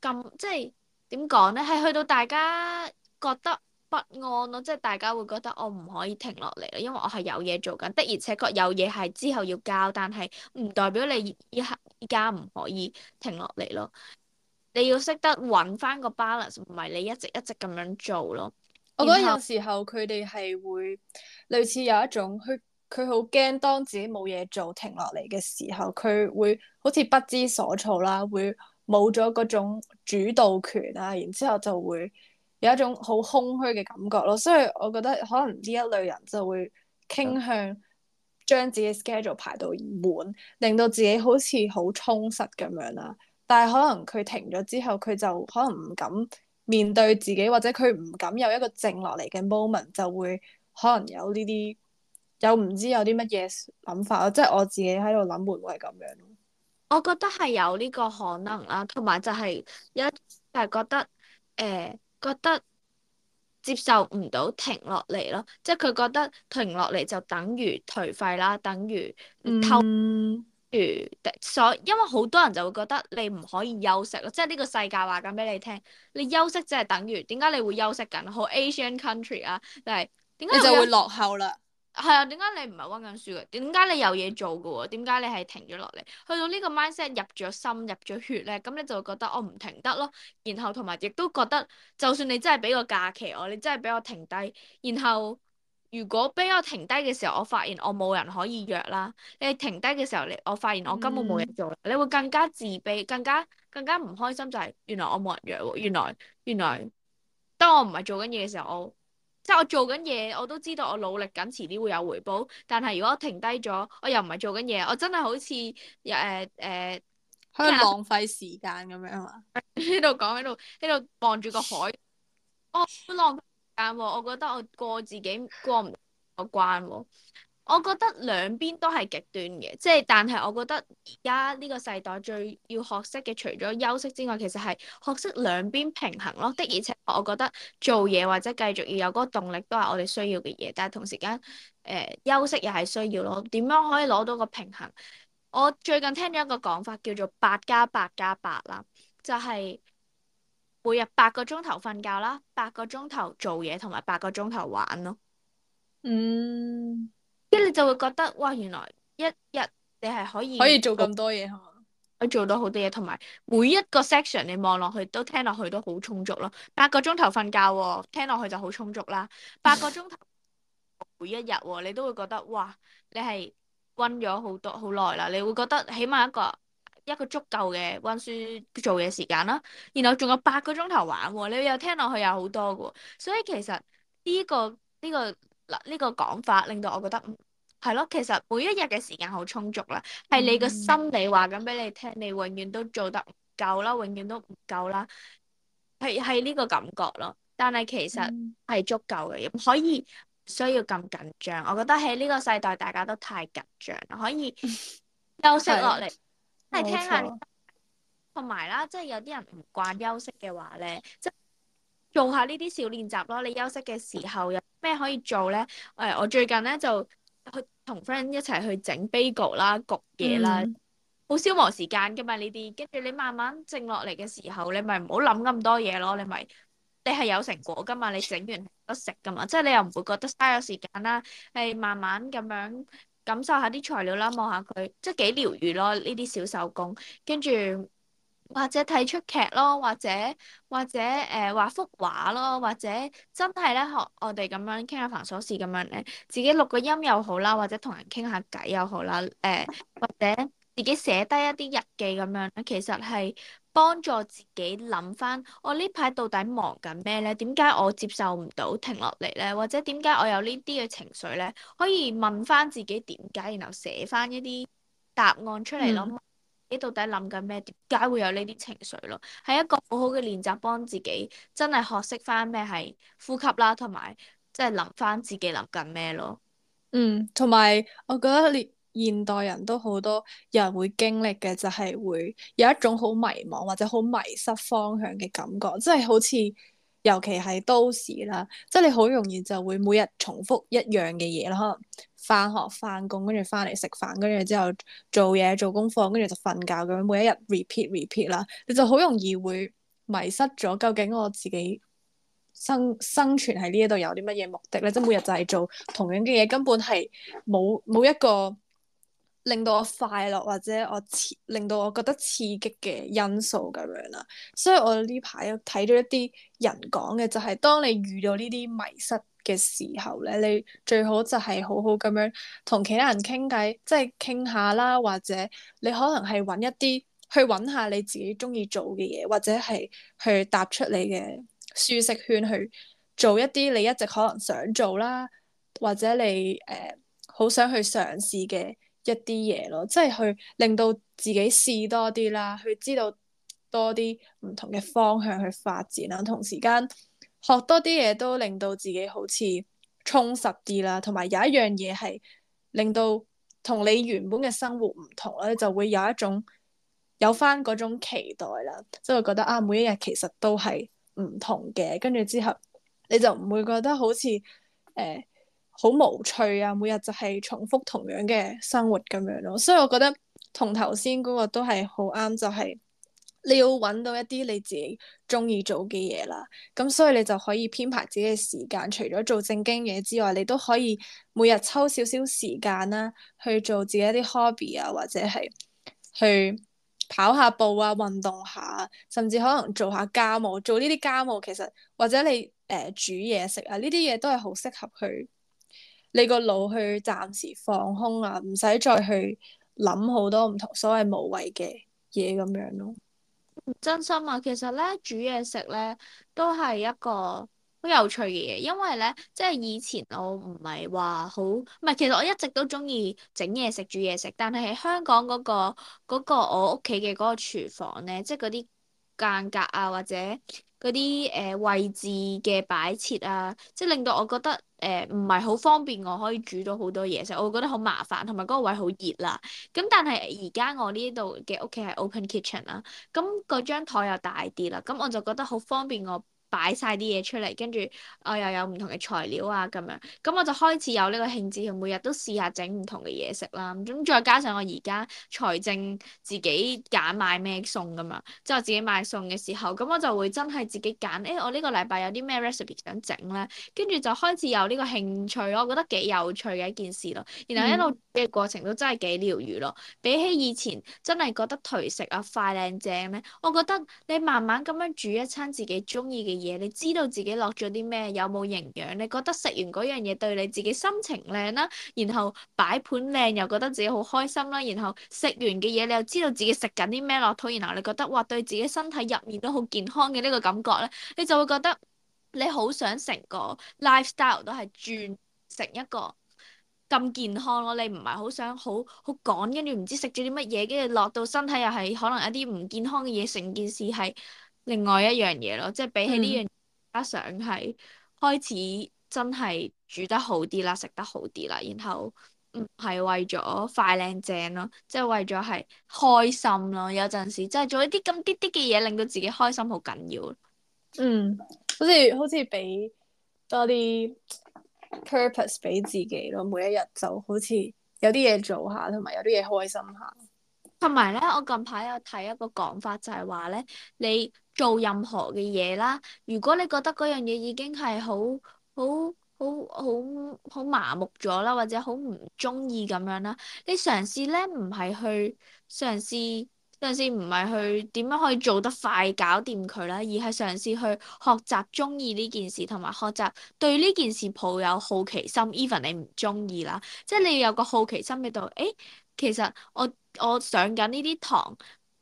咁，即係點講咧？係去到大家覺得不安咯，即係大家會覺得我唔可以停落嚟咯，因為我係有嘢做緊的，而且確有嘢係之後要交，但係唔代表你依下依家唔可以停落嚟咯。你要識得搵翻個 balance，唔係你一直一直咁樣做咯。我覺得有時
候佢哋係會類似有一種去。佢好驚當自己冇嘢做停落嚟嘅時候，佢會好似不知所措啦，會冇咗嗰種主導權啦、啊，然之後就會有一種好空虛嘅感覺咯。所以我覺得可能呢一類人就會傾向將自己 schedule 排到滿，嗯、令到自己好似好充實咁樣啦。但係可能佢停咗之後，佢就可能唔敢面對自己，或者佢唔敢有一個靜落嚟嘅 moment，就會可能有呢啲。有唔知有啲乜嘢諗法咯，即係我自己喺度諗，會唔會係咁樣。
我覺得係有呢個可能啦，同埋就係一就係覺得誒、欸，覺得接受唔到停落嚟咯，即係佢覺得停落嚟就等於頹廢啦，等於偷，等於、嗯、所，因為好多人就會覺得你唔可以休息咯，即係呢個世界話緊俾你聽，你休息即係等於點解你會休息緊？好 Asian country 啊，但你你就係點解你會落後啦？係啊，點解你唔係温緊書嘅？點解你有嘢做嘅喎？點解你係停咗落嚟？去到呢個 mindset 入咗心入咗血咧，咁你就會覺得我唔停得咯。然後同埋亦都覺得，就算你真係俾個假期我，你真係俾我停低，然後如果俾我停低嘅時候，我發現我冇人可以約啦。你停低嘅時候，你我發現我根本冇嘢做，嗯、你會更加自卑，更加更加唔開心、就係。就係原來我冇人約喎，原來原來當我唔係做緊嘢嘅時候，我。即係我做緊嘢，我都知道我努力緊，遲啲會有回報。但係如果停低咗，我又唔係做緊嘢，我真係好似誒誒，
喺、呃、度、呃、浪
費時間咁樣啊！喺度 (laughs) 講，喺度，喺度望住個海，我浪費時間喎、啊！我覺得我過自己過唔到關喎。我覺得兩邊都係極端嘅，即係但係我覺得而家呢個世代最要學識嘅，除咗休息之外，其實係學識兩邊平衡咯。的而且確，我覺得做嘢或者繼續要有嗰個動力都係我哋需要嘅嘢，但係同時間誒、呃、休息又係需要咯。點樣可以攞到個平衡？我最近聽咗一個講法叫做八加八加八啦，就係、是、每日八個鐘頭瞓覺啦，八個鐘頭做嘢同埋八個鐘頭玩咯。嗯。跟住你就會覺得，哇！原來一日你係可以可以做咁多嘢，係嘛？可以做到好多嘢，同埋每一個 section 你望落去都聽落去都好充足咯。八個鐘頭瞓覺，聽落去就好充足啦。八個鐘頭、哦、每一日、哦，你都會覺得，哇！你係溫咗好多好耐啦，你會覺得起碼一個一個足夠嘅溫書做嘢時間啦。然後仲有八個鐘頭玩、哦，你又聽落去有好多嘅，所以其實呢個呢個。這個呢個講法令到我覺得係咯，其實每一日嘅時間好充足啦，係、嗯、你個心理話咁俾你聽，你永遠都做得唔夠啦，永遠都唔夠啦，係係呢個感覺咯。但係其實係足夠嘅，嗯、可以唔需要咁緊張。我覺得喺呢個世代大家都太緊張，可以休息落嚟，是聽下。同埋錯啦，即、就、係、是、有啲人唔慣休息嘅話咧，即、就是用下呢啲小練習咯，你休息嘅時候有咩可以做咧？誒、哎，我最近咧就去同 friend 一齊去整 bagel 啦，焗嘢啦，好、嗯、消磨時間噶嘛呢啲。跟住你慢慢靜落嚟嘅時候，你咪唔好諗咁多嘢咯，你咪你係有成果噶嘛，你整完得食噶嘛，即係你又唔會覺得嘥咗時間啦。係慢慢咁樣感受下啲材料啦，望下佢，即係幾療愈咯呢啲小手工。跟住。或者睇出劇咯，或者或者誒、呃、畫幅畫咯，或者真係咧學我哋咁樣傾下煩瑣事咁樣咧，自己錄個音又好啦，或者同人傾下偈又好啦，誒、呃、或者自己寫低一啲日記咁樣咧，其實係幫助自己諗翻我呢排到底忙緊咩咧？點解我接受唔到停落嚟咧？或者點解我有呢啲嘅情緒咧？可以問翻自己點解，然後寫翻一啲答案出嚟咯。嗯。你到底諗緊咩？點解會有呢啲情緒咯？係一個好好嘅練習，幫自己真係學識翻咩係呼吸啦，同埋即係諗翻自己諗緊咩咯。
嗯，同埋我覺得連現代人都好多人會經歷嘅，就係會有一種好迷茫或者好迷失方向嘅感覺，即係好似。尤其係都市啦，即係你好容易就會每日重複一樣嘅嘢啦，可能返學、返工，跟住返嚟食飯，跟住之後做嘢、做功課，跟住就瞓覺咁樣，每一日 repeat、repeat 啦，你就好容易會迷失咗，究竟我自己生生存喺呢一度有啲乜嘢目的咧？即係每日就係做同樣嘅嘢，根本係冇冇一個。令到我快樂或者我刺令到我覺得刺激嘅因素咁樣啦，所以我呢排睇咗一啲人講嘅就係、是，當你遇到呢啲迷失嘅時候咧，你最好就係好好咁樣同其他人傾偈，即係傾下啦，或者你可能係搵一啲去搵下你自己中意做嘅嘢，或者係去踏出你嘅舒適圈去做一啲你一直可能想做啦，或者你誒好、呃、想去嘗試嘅。一啲嘢咯，即係去令到自己試多啲啦，去知道多啲唔同嘅方向去發展啦，同時間學多啲嘢都令到自己好似充實啲啦，同埋有一樣嘢係令到同你原本嘅生活唔同咧，你就會有一種有翻嗰種期待啦，即係覺得啊，每一日其實都係唔同嘅，跟住之後你就唔會覺得好似誒。呃好無趣啊！每日就係重複同樣嘅生活咁樣咯，所以我覺得同頭先嗰個都係好啱，就係、是、你要揾到一啲你自己中意做嘅嘢啦。咁所以你就可以編排自己嘅時間，除咗做正經嘢之外，你都可以每日抽少少時間啦、啊，去做自己一啲 hobby 啊，或者係去跑下步啊，運動下、啊，甚至可能做下家務。做呢啲家務其實或者你誒、呃、煮嘢食啊，呢啲嘢都係好適合去。你個腦去暫時放空啊，唔使再去諗好多唔同所謂無謂嘅嘢咁樣咯。
真心啊，其實咧煮嘢食咧都係一個好有趣嘅嘢，因為咧即係以前我唔係話好，唔係其實我一直都中意整嘢食煮嘢食，但係喺香港嗰個嗰個我屋企嘅嗰個廚房咧，即係嗰啲間隔啊或者。嗰啲誒位置嘅擺設啊，即係令到我覺得誒唔係好方便我可以煮到好多嘢食，我會覺得好麻煩，同埋嗰個位好熱啦。咁但係而家我呢度嘅屋企係 open kitchen 啦、啊，咁嗰張台又大啲啦，咁我就覺得好方便我。擺晒啲嘢出嚟，跟住我又有唔同嘅材料啊咁樣，咁我就開始有呢個興致，去每日都試下整唔同嘅嘢食啦。咁再加上我而家財政自己揀買咩餸咁樣，即係我自己買餸嘅時候，咁我就會真係自己揀，誒、欸、我個呢個禮拜有啲咩 recipe 想整咧，跟住就開始有呢個興趣，我覺得幾有趣嘅一件事咯。然後一路嘅過程都真係幾療愈咯，嗯、比起以前真係覺得頹食啊快靚正咧、啊。我覺得你慢慢咁樣煮一餐自己中意嘅嘢，你知道自己落咗啲咩，有冇營養？你覺得食完嗰樣嘢對你自己心情靚啦，然後擺盤靚又覺得自己好開心啦，然後食完嘅嘢你又知道自己食緊啲咩落肚，然後你覺得哇，對自己身體入面都好健康嘅呢個感覺咧，你就會覺得你好想成個 lifestyle 都係轉成一個咁健康咯，你唔係好想好好趕跟住唔知食咗啲乜嘢，跟住落到身體又係可能一啲唔健康嘅嘢，成件事係～另外一樣嘢咯，即係比起呢樣，加上係、嗯、開始真係煮得好啲啦，食得好啲啦，然後唔係為咗快靚正咯，嗯、即係為咗係開心咯。有陣時真係做一啲咁啲啲嘅嘢，令到自己開心好緊要。嗯，
好似好似俾多啲 purpose 俾自己咯，每一日就好似有啲嘢做下，同埋有
啲嘢開心下。同埋咧，我近排有睇一個講法，就係話咧，你，做任何嘅嘢啦，如果你覺得嗰樣嘢已經係好好好好好麻木咗啦，或者好唔中意咁樣啦，你嘗試咧唔係去嘗試嘗試唔係去點樣可以做得快搞掂佢啦，而係嘗試去學習中意呢件事，同埋學習對呢件事抱有好奇心。Even 你唔中意啦，即係你要有個好奇心喺度。誒、欸，其實我我上緊呢啲堂。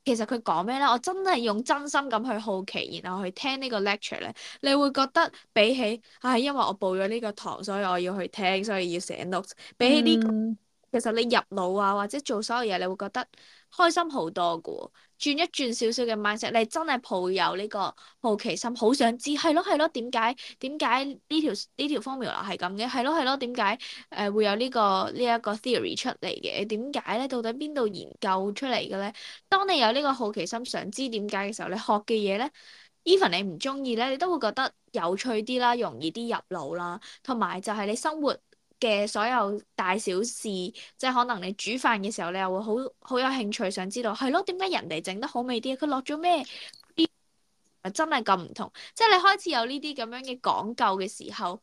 其實佢講咩咧？我真係用真心咁去好奇，然後去聽呢個 lecture 咧，你會覺得比起唉、哎，因為我報咗呢個堂，所以我要去聽，所以要寫 notes，比起呢、這個，嗯、其實你入腦啊，或者做所有嘢，你會覺得開心好多㗎喎。轉一轉少少嘅 mindset 你真係抱有呢個好奇心，好想知係咯係咯點解點解呢條呢條 formula 係咁嘅係咯係咯點解誒會有、這個這個、呢個呢一個 theory 出嚟嘅點解咧？到底邊度研究出嚟嘅咧？當你有呢個好奇心想知點解嘅時候，你學嘅嘢咧 even 你唔中意咧，你都會覺得有趣啲啦，容易啲入腦啦，同埋就係你生活。嘅所有大小事，即係可能你煮飯嘅時候，你又會好好有興趣，想知道係咯，點解人哋整得好味啲啊？佢落咗咩？真係咁唔同，即係你開始有呢啲咁樣嘅講究嘅時候，誒、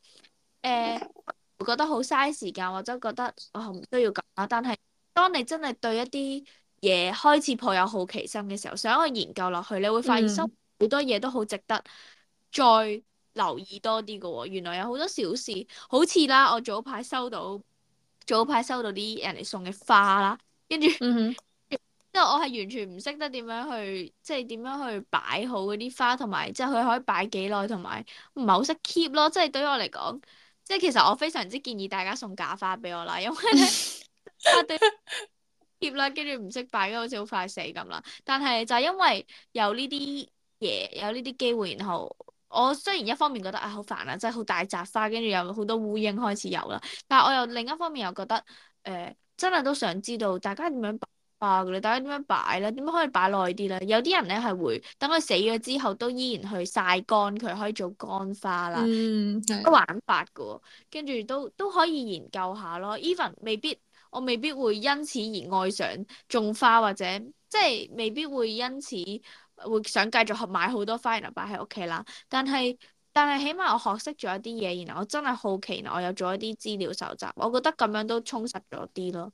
呃、會覺得好嘥時間，或者覺得我唔需要咁啦。但係當你真係對一啲嘢開始抱有好奇心嘅時候，想去研究落去，你會發現收好多嘢都好值得再。留意多啲㗎喎，原來有好多小事，好似啦，我早排收到，早排收到啲人嚟送嘅花啦，跟住，嗯、哼因為我係完全唔識得點樣去，即係點樣去擺好嗰啲花，同埋即係佢可以擺幾耐，同埋唔係好識 keep 咯，即係對於我嚟講，即係其實我非常之建議大家送假花俾我啦，因為咧，keep 啦，跟住唔識擺，好似好快死咁啦。但係就係因為有呢啲嘢，有呢啲機會，然後。我雖然一方面覺得啊好、哎、煩啊，即係好大雜花，跟住有好多烏蠅開始有啦，但係我又另一方面又覺得誒、呃、真係都想知道大家點樣擺花嘅咧，大家點樣擺咧，點樣、樣可以擺耐啲咧？有啲人咧係會等佢死咗之後都依然去曬乾佢，可以做乾花啦，個、嗯、玩法嘅喎，跟住都都可以研究下咯。Even 未必我未必會因此而愛上種花或者即係未必會因此。會想繼續買好多 f 花然後擺喺屋企啦，但係但係起碼我學識咗一啲嘢，然後我真係好奇，我有做一啲資料搜集，我覺得咁樣都充實咗啲咯。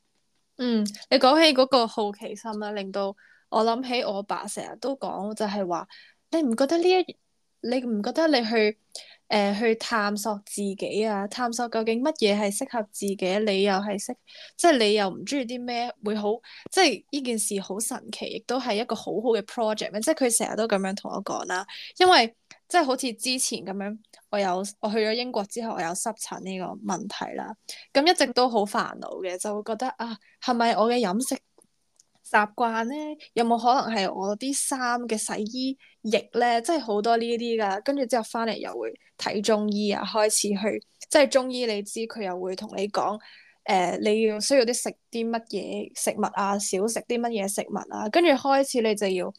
嗯，
你講起嗰個好奇心咧，令到我諗起我爸成日都講，就係話你唔覺得呢一，你唔覺得你去？誒、呃、去探索自己啊，探索究竟乜嘢係適合自己，你又係識，即係你又唔中意啲咩，會好，即係呢件事好神奇，亦都係一個好好嘅 project。即係佢成日都咁樣同我講啦，因為即係好似之前咁樣，我有我去咗英國之後，我有濕疹呢個問題啦，咁一直都好煩惱嘅，就會覺得啊，係咪我嘅飲食？習慣咧，有冇可能係我啲衫嘅洗衣液咧？即係好多呢啲噶，跟住之後翻嚟又會睇中醫啊，開始去即係中醫你你、呃，你知佢又會同你講，誒你要需要啲食啲乜嘢食物啊，少食啲乜嘢食物啊，跟住開始你就要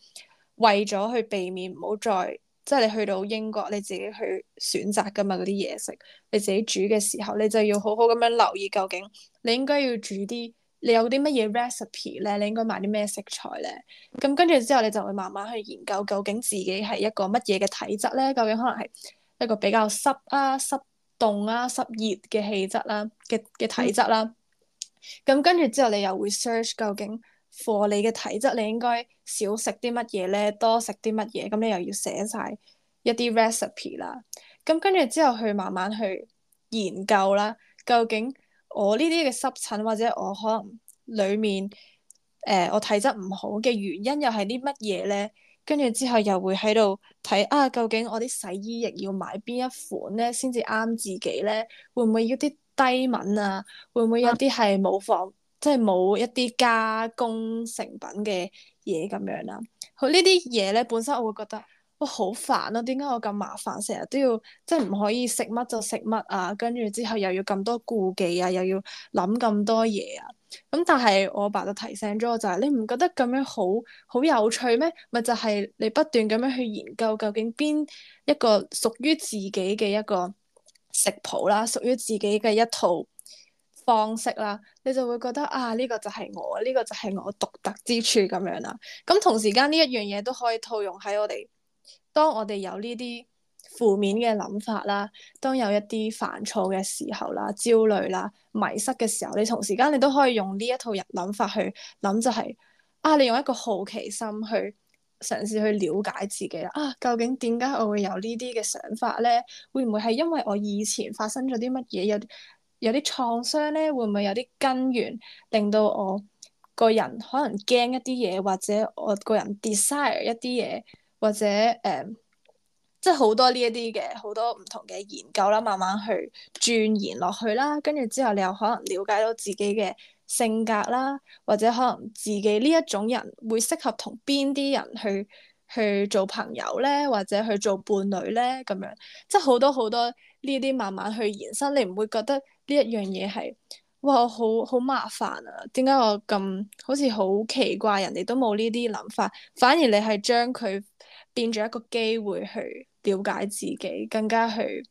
為咗去避免唔好再即係你去到英國你自己去選擇噶嘛，嗰啲嘢食，你自己煮嘅時候你就要好好咁樣留意究竟你應該要煮啲。你有啲乜嘢 recipe 咧？你應該買啲咩食材咧？咁跟住之後，你就會慢慢去研究究竟自己係一個乜嘢嘅體質咧？究竟可能係一個比較濕啊、濕凍啊、濕熱嘅氣質啦、嘅嘅體質啦。咁、嗯、跟住之後，你又會 search 究竟 for 你嘅體質，你應該少食啲乜嘢咧，多食啲乜嘢？咁你又要寫晒一啲 recipe 啦。咁跟住之後，去慢慢去研究啦，究竟。我呢啲嘅濕疹，或者我可能裡面誒、呃，我體質唔好嘅原因又係啲乜嘢咧？跟住之後又會喺度睇啊，究竟我啲洗衣液要買邊一款咧，先至啱自己咧？會唔會有啲低敏啊？會唔會有啲係冇防，即係冇一啲加工成品嘅嘢咁樣啦？好呢啲嘢咧，本身我會覺得。我好煩咯、啊，點解我咁麻煩？成日都要即係唔可以食乜就食乜啊，跟住之後又要咁多顧忌啊，又要諗咁多嘢啊。咁但係我爸就提醒咗我、就係，就係你唔覺得咁樣好好有趣咩？咪就係你不斷咁樣去研究究竟邊一個屬於自己嘅一個食譜啦，屬於自己嘅一套方式啦，你就會覺得啊，呢、呢個就係我，呢、呢個就係我獨特之處咁樣啦、啊。咁同時間呢一樣嘢都可以套用喺我哋。當我哋有呢啲負面嘅諗法啦，當有一啲煩躁嘅時候啦、焦慮啦、迷失嘅時候，你同時間你都可以用呢一套人諗法去諗、就是，就係啊，你用一個好奇心去嘗試去了解自己啦。啊，究竟點解我會有呢啲嘅想法咧？會唔會係因為我以前發生咗啲乜嘢有有啲創傷咧？會唔會有啲根源令到我個人可能驚一啲嘢，或者我個人 desire 一啲嘢？或者誒、嗯，即係好多呢一啲嘅好多唔同嘅研究啦，慢慢去鑽研落去啦，跟住之後，你又可能了解到自己嘅性格啦，或者可能自己呢一種人會適合同邊啲人去去做朋友咧，或者去做伴侶咧咁樣，即係好多好多呢啲慢慢去延伸，你唔會覺得呢一樣嘢係哇好好麻煩啊？點解我咁好似好奇怪，人哋都冇呢啲諗法，反而你係將佢。變咗一個機會去了解自己，更加去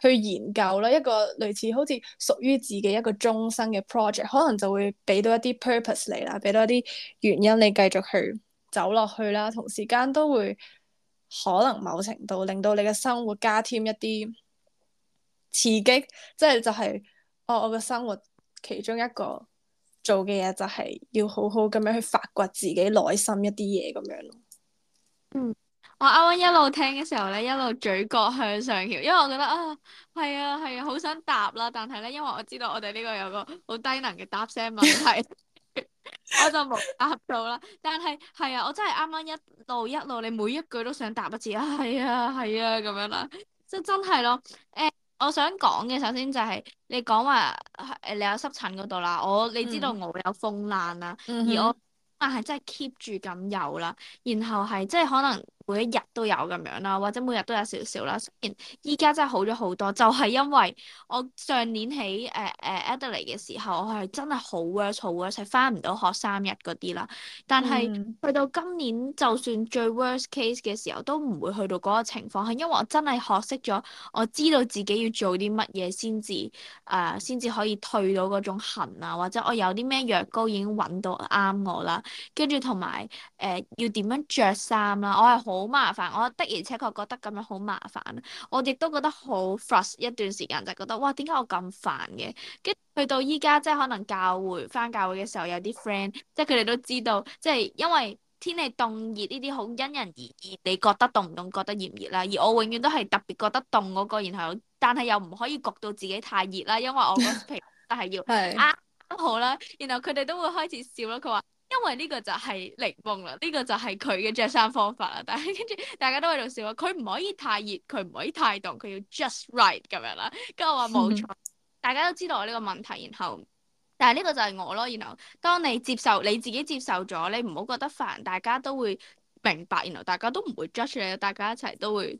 去研究啦，一個類似好似屬於自己一個終生嘅 project，可能就會俾到一啲 purpose 嚟啦，俾到一啲原因你繼續去走落去啦。同時間都會可能某程度令到你嘅生活加添一啲刺激，即係就係、是就是哦、我我嘅生活其中一個做嘅嘢就係要好好咁樣去發掘自己內心一啲嘢咁樣咯。嗯。
我啱啱一路聽嘅時候咧，一路嘴角向上翹，因為我覺得啊，係啊係啊，好、啊啊、想答啦，但係咧，因為我知道我哋呢個有個好低能嘅答聲問題， (laughs) (laughs) 我就冇答到啦。但係係啊，我真係啱啱一路一路，你每一句都想答一次，啊。係啊係啊咁、啊、樣啦，即係真係咯。誒、呃，我想講嘅首先就係、是、你講話誒，你有濕疹嗰度啦，我你知道我有風爛啦，嗯、而我但係、嗯、哼真係 keep 住咁有啦，然後係即係可能。每一日都有咁樣啦，或者每日都有少少啦。雖然依家真係好咗好多，就係、是、因為我上年喺誒誒 Adelaide 嘅時候，我係真係好 worst，好 worst，係翻唔到學三日嗰啲啦。但係、嗯、去到今年，就算最 worst case 嘅時候，都唔會去到嗰個情況，係因為我真係學識咗，我知道自己要做啲乜嘢先至誒，先、呃、至可以退到嗰種痕啊，或者我有啲咩藥膏已經揾到啱我啦。跟住同埋誒，要點樣着衫啦？我係好。好麻煩，我的而且確覺得咁樣好麻煩，我亦都覺得好 frustr 一段時間，就覺得哇，點解我咁煩嘅？跟住去到依家即係可能教會返教會嘅時候，有啲 friend 即係佢哋都知道，即係因為天氣凍熱呢啲好因人而異，你覺得凍唔凍，覺得熱唔熱啦。而我永遠都係特別覺得凍嗰、那個，然後但係又唔可以焗到自己太熱啦，因為我個皮都係要啱啱好啦。 (laughs) 是然後佢哋都會開始笑咯，佢話。因為呢個就係檸檬啦，呢、這個就係佢嘅着衫方法啦。但係跟住大家都喺度笑話，佢唔可以太熱，佢唔可以太凍，佢要 just right 咁樣啦。跟住我話冇錯，大家都知道我呢個問題。然後，但係呢個就係我咯。然後，當你接受你自己接受咗，你唔好覺得煩，大家都會明白。然後大家都唔會 judge 你，大家一齊都會，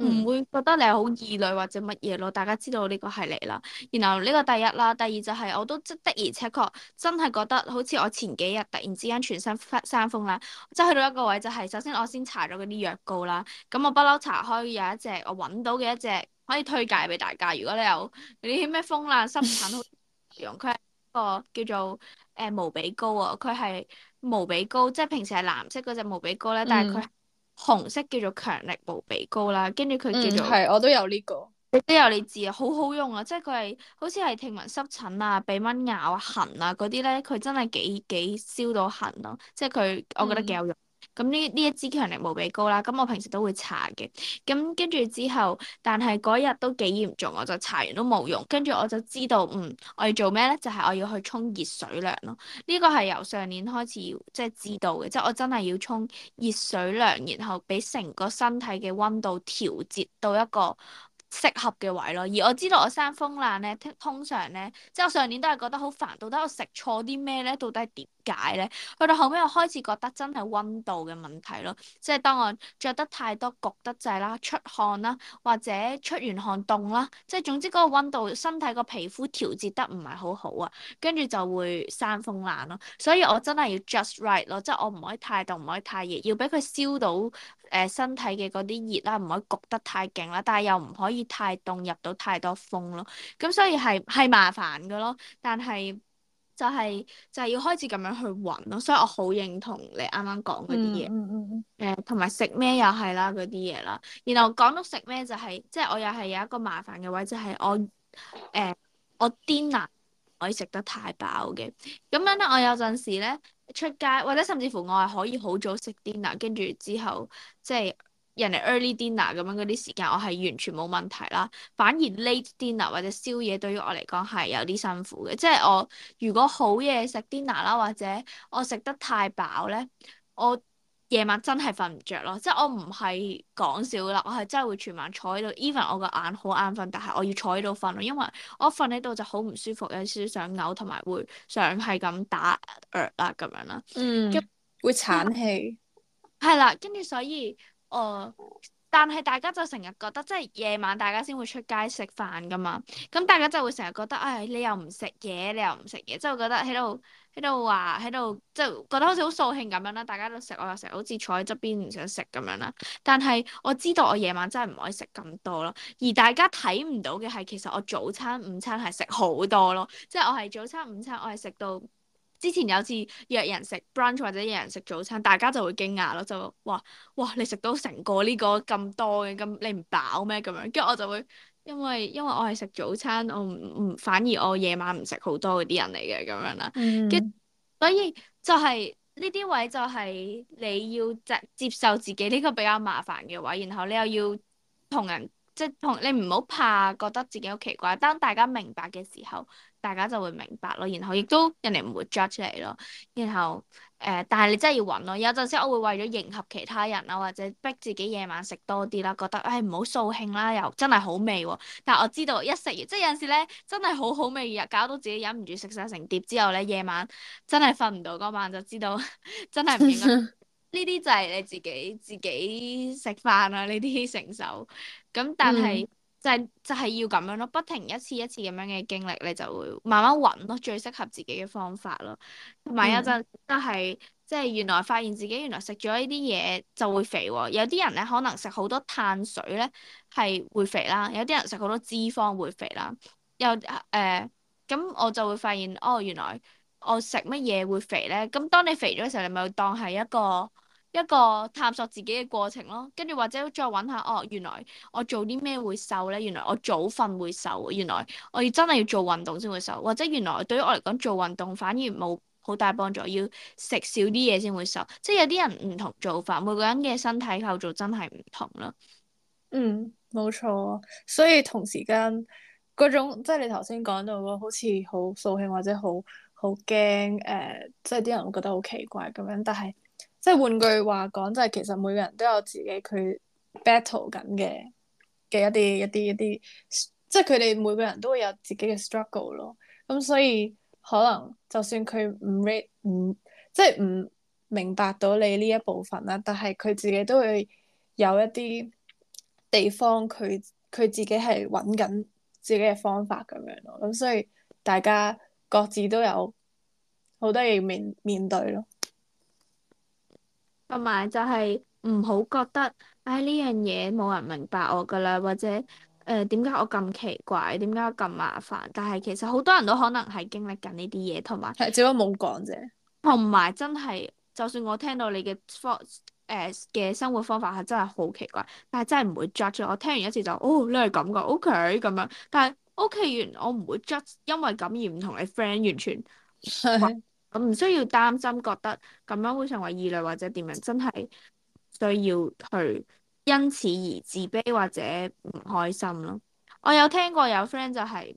唔、嗯、會覺得你係好異類或者乜嘢咯，大家知道呢個係你啦。然後呢個第一啦，第二就係、是、我都即的而且確真係覺得好似我前幾日突然之間全身生風啦，即去到一個位就係、是、首先我先搽咗嗰啲藥膏啦，咁我不嬲搽開有一隻我揾到嘅一隻可以推介俾大家，如果你有嗰啲咩風癩濕疹用，佢係 (laughs) 一個叫做誒、呃、無比膏啊、哦，佢係無比膏，即平時係藍色嗰隻無比膏咧，但係佢、嗯。紅色叫做強力無比膏啦，跟住佢叫做係、嗯，我都有呢、這個，都有你知啊，好好用啊，即係佢係，好似係聽聞濕疹啊、俾蚊咬啊痕啊嗰啲咧，佢真係幾幾燒到痕咯、啊，即係佢，我覺得幾有用。嗯咁呢呢一支強力無比高啦，咁我平時都會搽嘅，咁跟住之後，但係嗰日都幾嚴重，我就搽完都冇用，跟住我就知道，嗯，我要做咩咧？就係我要去沖熱水涼咯。呢個係由上年開始即係知道嘅，即係我真係要沖熱水涼，然後俾成個身體嘅溫度調節到一個。適合嘅位咯，而我知道我生風冷咧，通常咧，即係我上年都係覺得好煩，到底我食錯啲咩咧？到底係點解咧？去到後尾我開始覺得真係温度嘅問題咯，即係當我着得太多太焗得滯啦，出汗啦，或者出完汗凍啦，即係總之嗰個温度身體個皮膚調節得唔係好好啊，跟住就會生風冷咯，所以我真係要 just right 咯，即係我唔可以太凍，唔可以太熱，要俾佢燒到。誒身體嘅嗰啲熱啦，唔可以焗得太勁啦，但係又唔可以太凍，入到太多風咯。咁所以係係麻煩㗎咯。但係就係、是、就係、是、要開始咁樣去揾咯。所以我好認同你啱啱講嗰啲嘢。嗯同埋、嗯嗯、食咩又係啦嗰啲嘢啦。然後講到食咩就係、是，即、就、係、是、我又係有一個麻煩嘅位，就係、是、我誒、呃、我啲難可以食得太飽嘅。咁樣咧，我有陣時咧。出街或者甚至乎我係可以好早食 dinner，跟住之後即係、就是、人哋 early dinner 咁樣嗰啲時間，我係完全冇問題啦。反而 late dinner 或者宵夜對於我嚟講係有啲辛苦嘅，即係我如果好嘢食 dinner 啦，或者我食得太飽咧，我。夜晚真係瞓唔着咯，即係我唔係講笑啦，我係真係會全晚坐喺度，even 我個眼好眼瞓，但係我要坐喺度瞓，因為我瞓喺度就好唔舒服，有少少想嘔同埋會想係咁打嗝啦咁樣啦，嗯，會產氣。係啦，跟住所以，誒。但係大家就成日覺得，即係夜晚大家先會出街食飯噶嘛。咁大家就係會成日覺得，唉、哎，你又唔食嘢，你又唔食嘢，即係覺得喺度喺度話喺度，即係覺得好似好掃興咁樣啦。大家都食，我又成日好似坐喺側邊唔想食咁樣啦。但係我知道我夜晚真係唔可以食咁多咯。而大家睇唔到嘅係，其實我早餐午餐係食好多咯，即係我係早餐午餐我係食到。之前有次約人食 brunch 或者約人食早餐，大家就會驚訝咯，就話：哇，你食到成個呢個咁多嘅，咁你唔飽咩？咁樣，跟住我就會因為因為我係食早餐，我唔唔反而我夜晚唔食好多嗰啲人嚟嘅咁樣啦。跟、嗯、所以就係呢啲位就係你要接接受自己呢、這個比較麻煩嘅位，然後你又要同人即同、就是、你唔好怕覺得自己好奇怪，當大家明白嘅時候。大家就會明白咯，然後亦都人哋唔會 judge 你咯。然後誒、呃，但係你真係要揾咯。有陣時我會為咗迎合其他人啊，或者逼自己夜晚食多啲啦，覺得唉唔好掃興啦，又真係好味喎。但係我知道一食完，即係有陣時咧真係好好味嘅，搞到自己忍唔住食晒成碟之後咧，夜晚真係瞓唔到嗰晚，就知道 (laughs) 真係唔應該。呢啲 (laughs) 就係你自己自己食飯啊，呢啲承受。咁但係。嗯就係、是、就係、是、要咁樣咯，不停一次一次咁樣嘅經歷，你就會慢慢揾咯最適合自己嘅方法咯。
同埋有陣
都係，即、就、係、是、原來發現自己原來食咗呢啲嘢就會肥喎、喔。有啲人咧可能食好多碳水咧係會肥啦，有啲人食好多脂肪會肥啦。又誒咁我就會發現哦，原來我食乜嘢會肥咧？咁當你肥咗嘅時候，你咪當係一個。一個探索自己嘅過程咯，跟住或者再揾下，哦，原來我做啲咩會瘦咧？原來我早瞓會瘦，原來我要真係要做運動先會瘦，或者原來對於我嚟講做運動反而冇好大幫助，要食少啲嘢先會瘦。即係有啲人唔同做法，每個人嘅身體構造真係唔同啦。嗯，
冇錯，所以同時間嗰種即係你頭先講到嘅好似好掃興或者好好驚誒，即係啲人會覺得好奇怪咁樣，但係。即係換句話講，就係其實每個人都有自己佢 battle 緊嘅嘅一啲一啲一啲，即係佢哋每個人都會有自己嘅 struggle 咯。咁、嗯、所以可能就算佢唔 read 唔即係唔明白到你呢一部分啦，但係佢自己都會有一啲地方，佢佢自己係揾緊自己嘅方法咁樣咯。咁、嗯、所以大家各自都有好多嘢面面對咯。
同埋就係唔好覺得，唉、哎、呢樣嘢冇人明白我噶啦，或者誒點解我咁奇怪，點解咁麻煩？但係其實好多人都可能係經歷緊呢啲嘢，同埋只不過冇講啫。同埋真係，就算我聽到你嘅方誒嘅生活方法係真係好奇怪，但係真係唔會 judge。我聽完一次就哦，你係咁噶，OK 咁樣。但係 OK 完，我唔會 judge，因為咁而唔同你 friend 完全。我唔需要擔心，覺得咁樣會成為異類或者點樣，真係需要去因此而自卑或者唔開心咯。我有聽過有 friend 就係，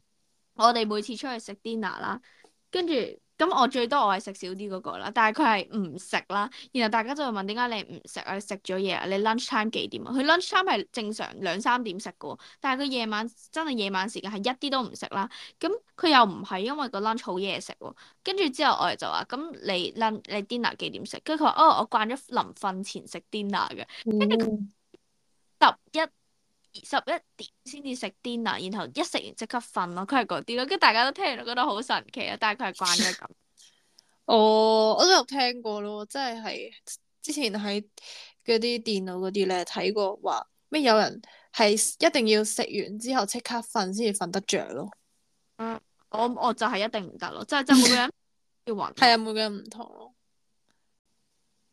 我哋每次出去食 dinner 啦，跟住。咁我最多我係食少啲嗰個啦，但係佢係唔食啦。然後大家就會問點解你唔食啊？你食咗嘢啊？你 lunch time 幾點啊？佢 lunch time 係正常兩三點食嘅，但係佢夜晚真係夜晚時間係一啲都唔食啦。咁佢又唔係因為個 lunch 好夜食喎。跟住之後我哋就話：咁你 lunch 你 dinner 幾點食？跟住佢話：哦，我慣咗臨瞓前食 dinner 嘅。二十一點先至食 dinner，然後一食完即刻瞓咯。佢係嗰啲咯，跟住大家都聽完覺得好神奇啊。但係佢係慣咗咁。
(laughs) 哦，我都有聽過咯，即係係之前喺嗰啲電腦嗰啲咧睇過，話咩有人係一定要食完之後即刻瞓先至瞓得着咯。嗯，
我我就係一定唔得咯，即係即係每個人 (laughs) 要混找。係啊，每個人唔同咯。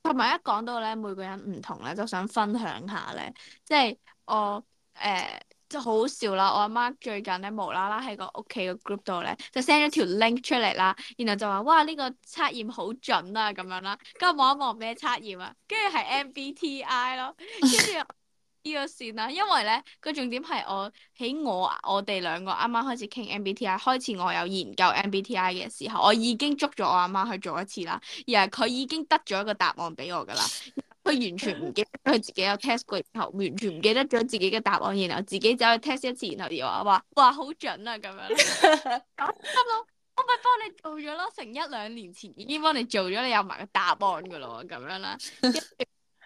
同埋一講到咧，每個人唔同咧，都想分享下咧，即係我。誒、欸，就好笑啦！我阿媽最近咧無啦啦喺個屋企個 group 度咧，就 send 咗條 link 出嚟啦，然後就話：哇，呢、呢個測驗好準啊咁樣啦！跟住望一望咩測驗啊，跟住係 MBTI 咯，跟住呢個算啦，因為咧個重點係我喺我我哋兩個啱啱開始傾 MBTI，開始我有研究 MBTI 嘅時候，我已經捉咗我阿媽去做一次啦，而係佢已經得咗一個答案俾我㗎啦。 (laughs) 佢完全唔記得佢自己有 test 過，然後完全唔記得咗自己嘅答案。然後自己走去 test 一次，然後又話話話好準啊咁樣。咁唔到，我咪幫你做咗咯。成一兩年前已經幫你做咗，你有埋個答案噶咯咁樣啦。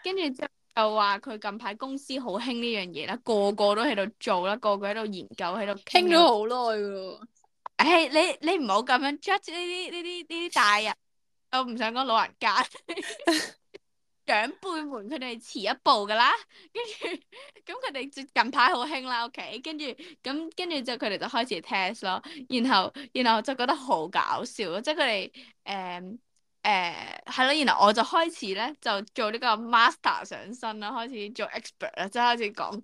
跟住之後就話佢近排公司好興呢樣嘢啦，個個都喺度做啦，個個喺度研究喺度傾咗好耐喎。誒、 (laughs) hey，你你唔好咁樣 judge 呢啲呢啲呢啲大人。我唔想講老人家。 (laughs) 長輩們佢哋遲一步噶啦，跟住咁佢哋近排好興啦 OK，跟住咁跟住就佢哋就開始 test 咯，然後然後就覺得好搞笑咯，即係佢哋誒誒係咯，然後我就開始咧就做呢個 master 上身啦，開始做 expert 啦，即係開始講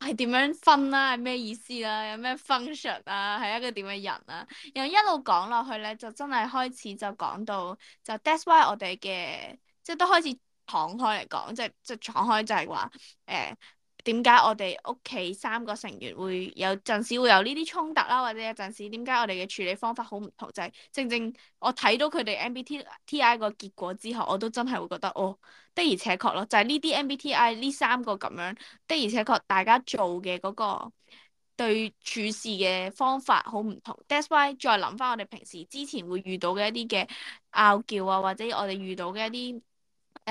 係點樣分啦、啊，係咩意思啦、啊，有咩 function 啊，係一個點嘅人啊，然後一路講落去咧就真係開始就講到就 that's why 我哋嘅即都開始敞開嚟講，即係即係敞開就係話誒點解我哋屋企三個成員會有陣時會有呢啲衝突啦、啊，或者有陣時點解我哋嘅處理方法好唔同，就係、是、正正我睇到佢哋 MBTI 嘅結果之後，我都真係會覺得哦的而且確咯，就係呢啲 MBTI 呢三個咁樣的而且確大家做嘅嗰個對處事嘅方法好唔同。That's why 再諗翻我哋平時之前會遇到嘅一啲嘅拗撬啊，或者我哋遇到嘅一啲。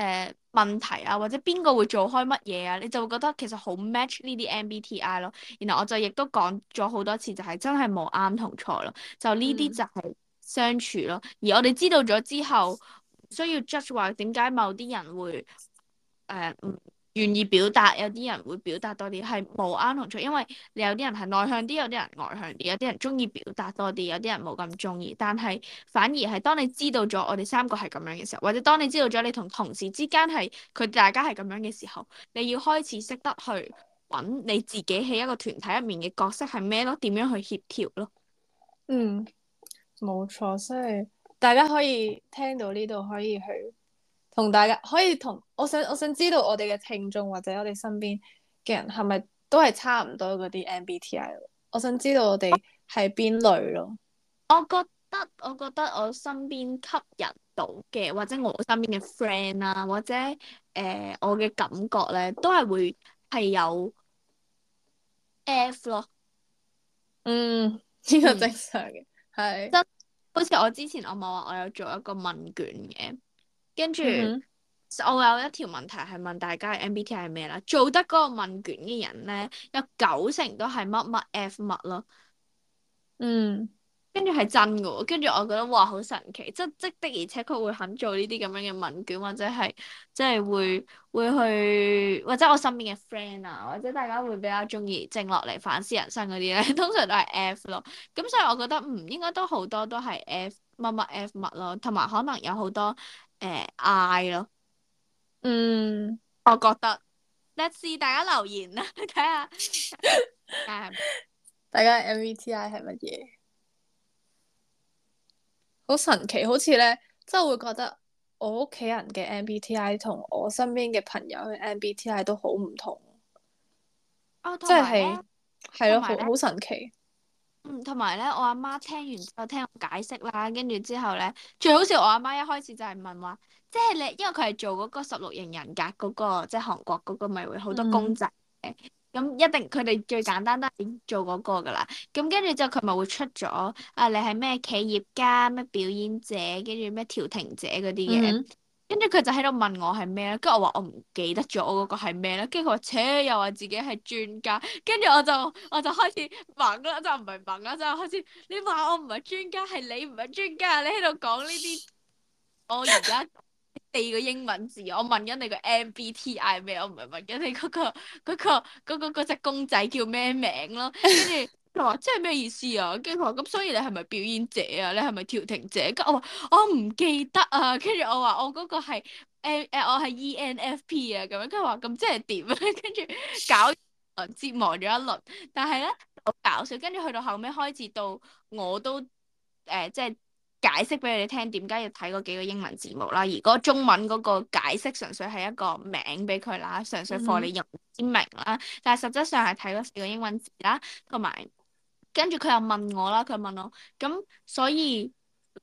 誒、呃、問題啊，或者邊個會做開乜嘢啊，你就會覺得其實好 match 呢啲 MBTI 咯。然後我就亦都講咗好多次，就係、是、真係冇啱同錯咯。就呢啲就係相處咯。嗯、而我哋知道咗之後，需要 judge 話點解某啲人會誒唔？呃嗯願意表達，有啲人會表達多啲，係冇啱同錯，因為你有啲人係內向啲，有啲人外向啲，有啲人中意表達多啲，有啲人冇咁中意。但係反而係當你知道咗我哋三個係咁樣嘅時候，或者當你知道咗你同同事之間係佢大家係咁樣嘅時候，你要開始識得去揾你自己喺一個團體入面嘅角色係咩囉，點樣去協調囉。嗯，
冇錯，所以大家可以聽到呢度可以去。同大家可以同我想我想知道我哋嘅聽眾或者我哋身邊嘅人係咪都係差唔多嗰啲
MBTI？我
想知道我哋係邊類
咯。我覺得我覺得我身邊吸引到嘅或者我身邊嘅 friend 啊或者誒、呃、我嘅感覺咧都係會係有 F 咯。嗯，呢、呢個正常嘅係。嗯、是即好似我之前我冇話我有做一個問卷嘅。跟住，mm hmm。我有一條問題係問大家 MBTI 係咩啦？做得嗰個問卷嘅人咧，有九成都係乜乜 F 乜咯。嗯、mm。跟住係真嘅喎，跟住我覺得哇，好神奇！即即的而且確會肯做呢啲咁樣嘅問卷，或者係即係會會去，或者我身邊嘅 friend 啊，或者大家會比較中意靜落嚟反思人生嗰啲咧，通常都係 F 咯。咁所以我覺得唔、嗯、應該都好多都係 F 乜乜 F 乜咯，同埋可能有好多。誒 I、呃、咯，嗯，我覺得，Let's see 大家留言啦，睇下， (laughs) (laughs) (laughs) 大家 MBTI 係乜嘢？
好神奇，好似咧，真係會覺得我屋企人嘅 MBTI 同我身邊嘅朋友嘅 MBTI 都好唔同，啊、哦，即係係咯，好好神奇。
嗯，同埋咧，我阿媽聽完之後聽我解釋啦，跟住之後咧，最好笑我阿媽一開始就係問話，即係你因為佢係做嗰個十六型人格嗰、嗰個，即係韓國嗰個咪會好多公仔嘅，咁、嗯、一定佢哋最簡單都係做嗰個噶啦，咁跟住之後佢咪會出咗啊，你係咩企業家、咩表演者，跟住咩調停者嗰啲嘢。嗯。跟住佢就喺度問我係咩啦，跟住我話我唔記得咗我嗰個係咩啦，跟住佢話扯又話自己係專家，跟住我就我就開始掹啦，就唔係掹啦，就係、是、開始你話我唔係專家係你唔係專家，你喺度講呢啲我而家四個英文字，我問緊你個 MBTI 咩？我唔係問緊你嗰、嗰個嗰、嗰個嗰、嗰個、嗰個嗰個、隻公仔叫咩名咯，跟住。 (laughs) 佢話：即係咩意思啊？跟住佢話：咁所以你係咪表演者啊？你係咪調停者啊？跟我話：我唔記得啊。跟住我話：我嗰個係誒、呃呃、我係 E N F P 啊。咁樣跟住話：咁即係點啊？跟住搞誒折磨咗一輪。但係咧好搞笑。跟住去到後尾開始到我都誒、呃、即係解釋俾你聽點解要睇嗰幾個英文字母啦。如果中文嗰個解釋純粹係一個名俾佢啦，純粹課你認英明啦。Mm hmm. 但係實質上係睇嗰幾個英文字啦，同埋。跟住佢又問我啦，佢問我咁，所以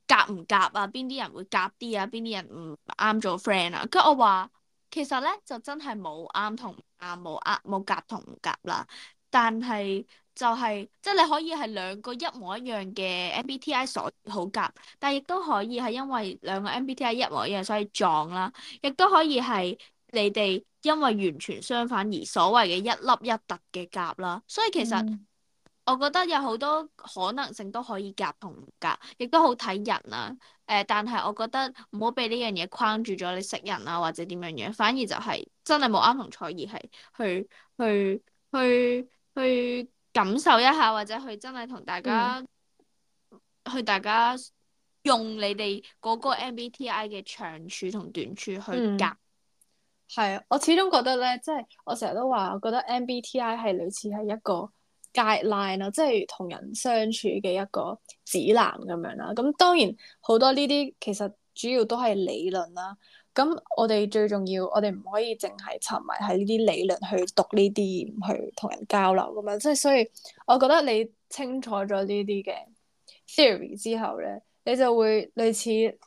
夾唔夾啊？邊啲人會夾啲啊？邊啲人唔啱做 friend 啊？跟住我話，其實咧就真係冇啱同唔啱，冇夾冇夾同唔夾啦。但係就係、是、即係你可以係兩個一模一樣嘅 MBTI 所好夾，但亦都可以係因為兩個 MBTI 一模一樣所以撞啦，亦都可以係你哋因為完全相反而所謂嘅一粒一突嘅夾啦。所以其實。嗯。我覺得有好多可能性都可以夾同唔夾，亦都好睇人啊！誒、呃，但係我覺得唔好俾呢樣嘢框住咗你識人啊，或者點樣樣，反而就係真係冇啱同錯而係去去去去，去感受一下，或者去真係同大家、嗯、去大家用你哋嗰個 MBTI 嘅長處同短處去夾。
係啊、嗯，我始終覺得咧，即係我成日都話，我覺得 MBTI 係類似係一個。guideline 啦，即係同人相處嘅一個指南咁樣啦。咁當然好多呢啲其實主要都係理論啦。咁我哋最重要，我哋唔可以淨係沉迷喺呢啲理論去讀呢啲，唔去同人交流咁樣。即係所以，我覺得你清楚咗呢啲嘅 theory 之後咧，你就會類似。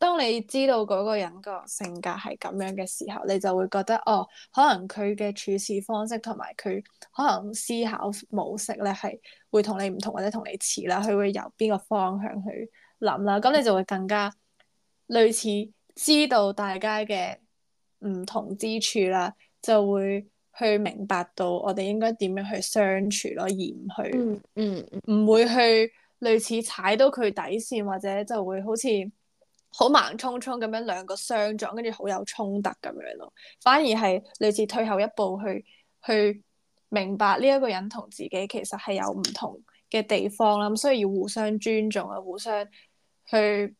當你知道嗰個人個性格係咁樣嘅時候，你就會覺得哦，可能佢嘅處事方式同埋佢可能思考模式咧係會同你唔同或者同你似啦，佢會由邊個方向去諗啦，咁你就會更加類似知道大家嘅唔同之處啦，就會去明白到我哋應該點樣去相處咯，而唔去唔、嗯嗯嗯、會去類似踩到佢底線或者就會好似。好盲衝衝咁樣兩個相撞，跟住好有衝突咁樣咯。反而係類似退後一步去去明白呢一個人同自己其實係有唔同嘅地方啦。咁所以要互相尊重啊，互相去。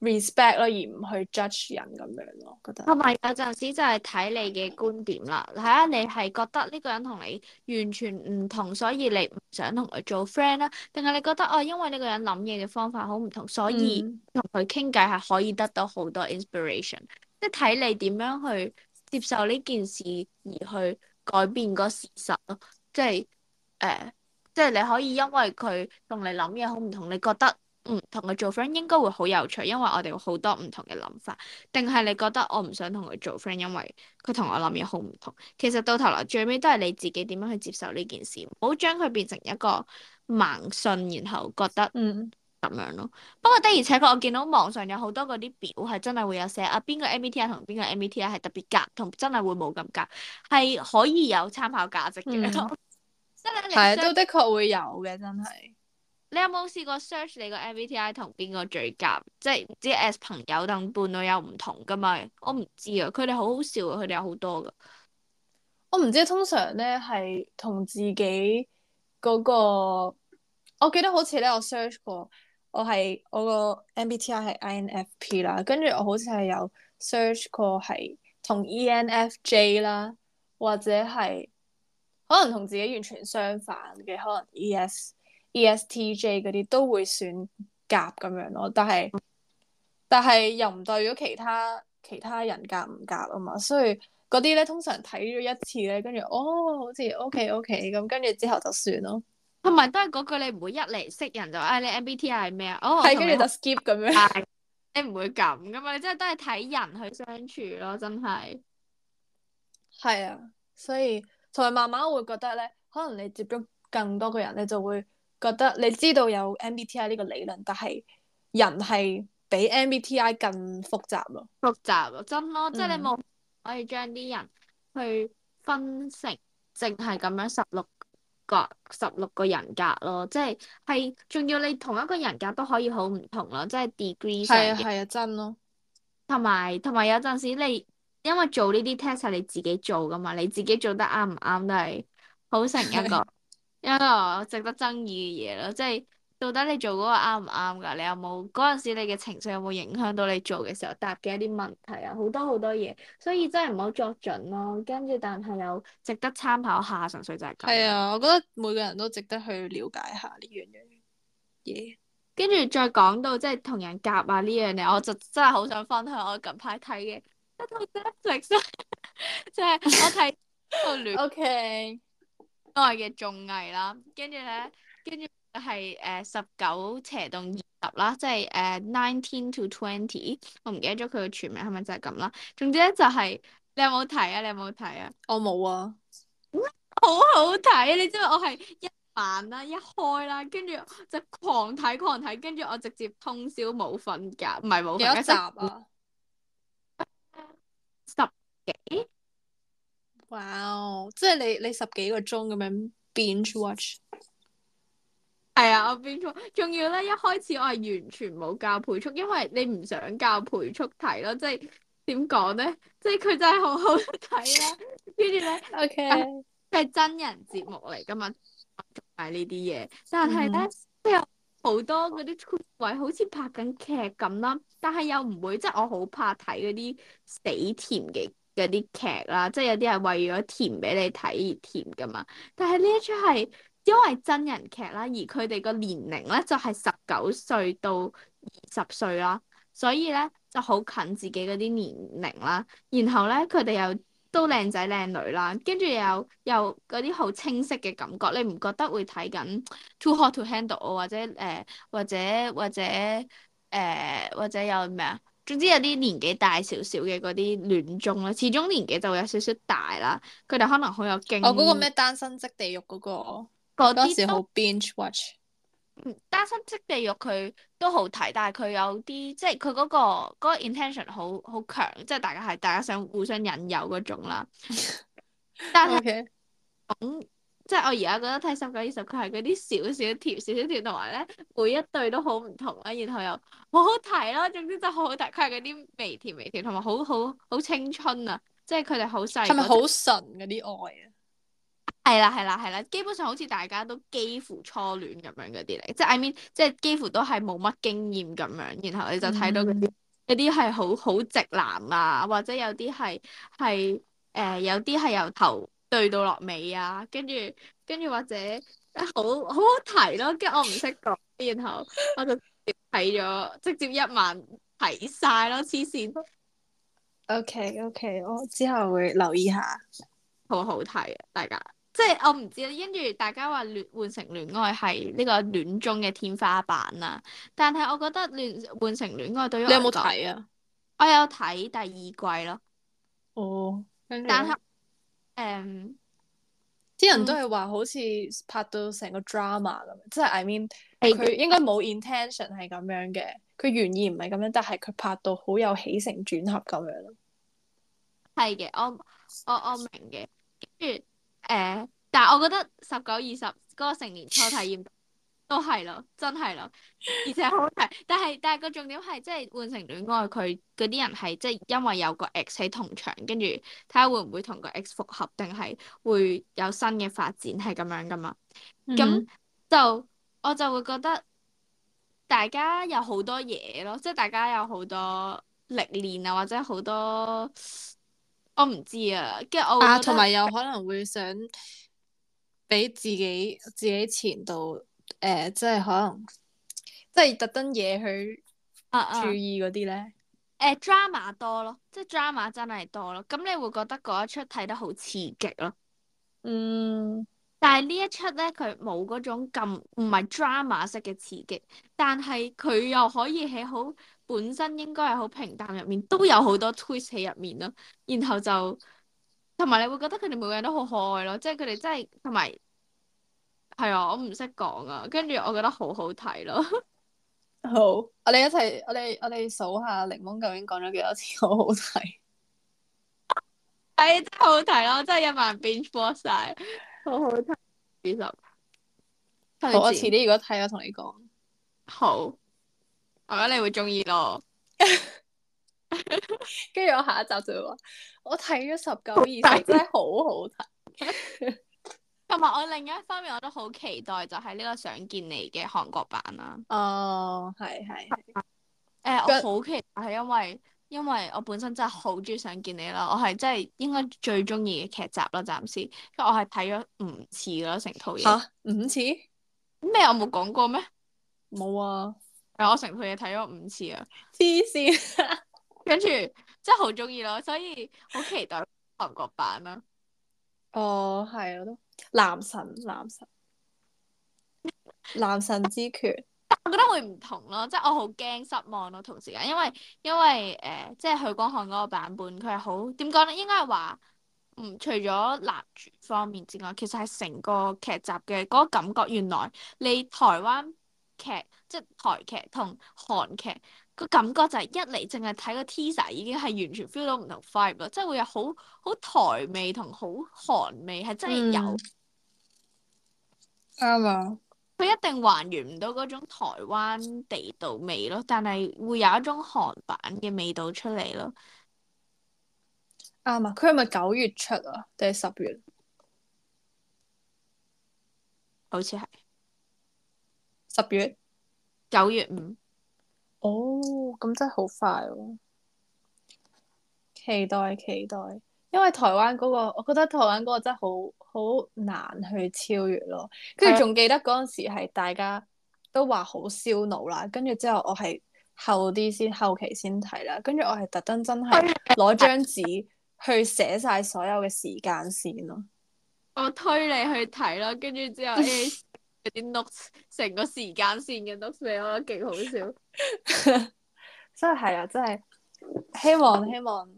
Respect 咯，Respect，而唔去 judge
人咁樣咯，我覺得。同埋、哦、有陣時就係睇你嘅觀點啦，睇下你係覺得呢個人同你完全唔同，所以你唔想同佢做 friend 啦，定係你覺得哦，因為呢個人諗嘢嘅方法好唔同，所以同佢傾偈係可以得到好多 inspiration，即係睇你點樣去接受呢件事而去改變個事實咯，即係誒，即、呃、係、就是、你可以因為佢同你諗嘢好唔同，你覺得。唔同佢做 friend 應該會好有趣，因為我哋好多唔同嘅諗法。定係你覺得我唔想同佢做 friend，因為佢同我諗嘢好唔同。其實到頭來最尾都係你自己點樣去接受呢件事，唔好將佢變成一個盲信，然後覺得嗯咁樣咯。不過的而且確，我見到網上有好多嗰啲表係真係會有寫啊，邊個 MBTI 同邊個 MBTI 係特別夾，同真係會冇咁夾，係可以有參考價值嘅。即係啊，都 (laughs) 的、的確會有嘅，真係。你有冇試過 search 你個 MBTI 同邊個最夾？即係唔知 as 朋友等伴侶有唔同噶嘛？我唔知啊，佢哋好好笑啊，佢哋有好多噶。
我唔知通常咧係同自己嗰個，我記得好似咧我 search 過，我係我個 MBTI 係 INFP 啦，跟住我好似係有 search 過係同 ENFJ 啦，或者係可能同自己完全相反嘅可能 ES。E.S.T.J 嗰啲都會選夾咁樣咯，但係但係又唔代表其他其他人夾唔夾啊嘛，所以嗰啲咧通常睇咗一次咧，跟住哦好似 O.K.O.K. 咁，跟住之後就算咯，
同埋都係嗰句，你唔會一嚟識人就誒你 M.B.T.I 係咩啊，哦係跟住就 skip 咁樣，你唔會咁噶嘛，你真係都係睇人去相處咯，真係
係啊，所以同埋慢慢會覺得咧，可能你接觸更多嘅人咧就會。覺得你知道有 MBTI 呢個理論，但係人係比 MBTI 更複雜咯。複
雜真咯、哦，嗯、即係你冇可以將啲人去分成淨係咁樣十六個、十六個人格咯。即係係仲要你同一個人格都可以好唔同咯，即係 degree 上嘅。係啊，係啊，真咯、哦。同埋同埋有陣時你因為做呢啲 test 係你自己做噶嘛，你自己做得啱唔啱都係好成一個一個值得爭議嘅嘢咯，即係到底你做嗰個啱唔啱噶？你有冇嗰陣時你嘅情緒有冇影響到你做嘅時候答嘅一啲問題啊？好多好多嘢，所以真係唔好作準咯。跟住但係又值得參考下，純粹就係咁。係啊，我覺得每個人都值得去了解
下呢樣嘢。
Yeah. 跟住再講到即係同人夾啊呢樣嘢，我就真係好想分享我近排睇嘅，即係 (laughs) (laughs) (laughs) 我睇。O K。愛嘅綜藝啦，跟住咧，跟住係誒十九斜到二十啦，即係誒 nineteen to twenty，我唔記得咗佢嘅全名係咪就係、是、咁啦。總之咧，就係、是、你有冇睇啊？你有冇睇啊？我冇啊。 (laughs) 好好睇啊，你知唔知我係一晚啦，一開啦，跟住就狂睇狂睇，跟住我直接通宵冇瞓覺，唔係冇。幾多集啊？十幾哇
！Wow，即係你
你十幾個鐘咁樣 binge watch，係啊，我 binge watch，仲要咧一開始我係完全冇教倍速，因為你唔想教倍速睇咯，即係點講咧？即係佢真係好好睇啦，跟住咧，OK，係、啊、真人節目嚟噶嘛，唔係呢啲嘢，但係咧即係有好多嗰啲位好似拍緊劇咁啦，但係又唔會，即、就、係、是、我好怕睇嗰啲死甜嘅。有啲劇啦，即係有啲係為咗甜俾你睇而甜噶嘛。但係呢一出係因為真人劇啦，而佢哋個年齡咧就係十九歲到二十歲啦，所以咧就好近自己嗰啲年齡啦。然後咧，佢哋又都靚仔靚女啦，跟住又又有嗰啲好清晰嘅感覺，你唔覺得會睇緊 Too Hot To Handle 或者誒，或者、呃、或者誒、呃，或者有咩啊？總之有啲年紀大少少嘅嗰啲聽眾啦，始終年紀就會有少少大啦。佢哋可能好有經驗。哦，嗰個咩單身即地獄嗰、嗰個，嗰啲時候好 binge watch。嗯，單身即地獄佢都好睇，但係佢有啲即係佢嗰個、嗰個、intention 好好強，即係大家係大家想互相引誘嗰種啦。 (laughs) 但係是，嗯。Okay. 即係我而家覺得睇《十九二十》，佢係嗰啲少少甜、少少甜，同埋咧每一對都好唔同啊，然後又好好睇咯。總之就好好睇，佢係嗰啲微甜、微甜，同埋好好好青春啊！即係佢哋好細個。係咪好純嗰啲愛啊？係啦係啦係啦，基本上好似大家都幾乎初戀咁樣嗰啲嚟，即係 I mean，即係幾乎都係冇乜經驗咁樣。然後你就睇到嗰啲嗰啲係好好直男啊，或者有啲係係誒有啲係由頭。對到落尾啊，跟住跟住或者、欸、好，好好好睇咯，跟住我唔識講， (laughs) 然後我就睇咗直接一晚睇晒咯，黐線。
OK, OK，我之後會留意下，
好好睇啊，大家。即係我唔知啦，跟住大家話戀換成戀愛係呢個戀綜嘅天花板啊。但係我覺得戀換成戀愛對於你有冇睇啊？我有睇第二季咯。哦、oh, okay，但係。
誒，啲、um, um, 人都係話好似拍到成個 drama 咁，嗯、即係 I mean 佢，嗯、應該冇 intention 係咁樣嘅，佢原意唔係咁樣，但係佢拍到好有起承轉合
咁樣咯。係嘅，我我我明嘅，跟住誒，但係我覺得十九二十嗰個成年初體驗。 (laughs) 都係咯，真係咯，而且好睇。 (laughs) 但係但係個重點係，即係換成戀愛，佢嗰啲人係即係因為有個 ex 喺同場，會會跟住睇下會唔會同個 ex 復合，定係會有新嘅發展，係咁樣噶嘛？咁、嗯、就我就會覺得大家有好多嘢咯，即係大家有好多歷練啊，或者好多我唔知啊。跟住我啊，同埋有可能會想
俾自己自己前度。.誒、呃，即係可能，即係特登嘢去注意嗰啲咧。
誒、呃，drama 多咯，即係 drama 真係多咯。咁你會覺得嗰一出睇得好刺激咯。嗯，但係呢一出咧，佢冇嗰種咁唔係 drama 式嘅刺激，但係佢又可以喺好本身應該係好平淡入面，都有好多 twist 喺入面咯。然後就同埋你會覺得佢哋每個人都好可愛咯，即係佢哋真係同埋。係啊，我唔識講啊，跟住我覺得好好睇咯。
好，我哋一齊，我哋我哋數下檸檬究竟講咗幾多次好好睇。係真係好睇咯，真係一萬變火晒，
好好睇。二 (laughs) 十、哎，我我遲啲如
果睇，我同你講。
好，我覺得你會中意咯。
跟 (laughs) 住我下一集就會話，我睇咗十九二十，真係好好睇。 (laughs)
同埋我另一方面，我都好期待就係、是、呢個《想見你》嘅韓國版啦。哦，係係。誒、欸，Good. 我好期待，係因為因為我本身真係好中意《想見你》啦， (music) 我係真係應該最中意嘅劇集啦，暫時。因為我係睇咗五次咯，成套嘢，啊。五次？咩？我冇講過咩？冇啊！欸、我成套嘢睇咗五次啊，黐線經。 (laughs) 跟住真係好中意咯，所以好期待韓國版啦。哦，係，我都。
男神男神男神之權， (laughs)
但係我覺得會唔同咯，即係我好驚失望咯，同時間，因為因為誒，即係許光漢嗰個版本，佢係好點講咧？應該係話，嗯，除咗男主方面之外，其實係成個劇集嘅嗰個感覺。原來你台灣劇即係台劇同韓劇。個感覺就係一嚟淨係睇個 teaser 已經係完全 feel 到唔同 vibe 咯，即係會有好好台味同好韓味係真係有啱啊！佢、嗯、一定還原唔到嗰種台灣地道味咯，但係會有一種韓版嘅味道出嚟咯。
啱啊、嗯！佢係咪九月出啊？定係十月？好似係十月九月五。哦，咁真係好快喎，哦！期待期待，因為台灣嗰，那個，我覺得台灣嗰個真係好好難去超越咯。跟住仲記得嗰陣時係大家都話好燒腦啦，跟住之後我係後啲先，後期先睇啦。跟住我係特登真係攞張紙去寫晒所有嘅時間線咯。
(laughs) 我推你去睇啦，跟住之後、A (laughs) 有啲 notes 成個時間線嘅 notes 成我覺得幾好笑。
(laughs) 真，真係啊，真係希望希望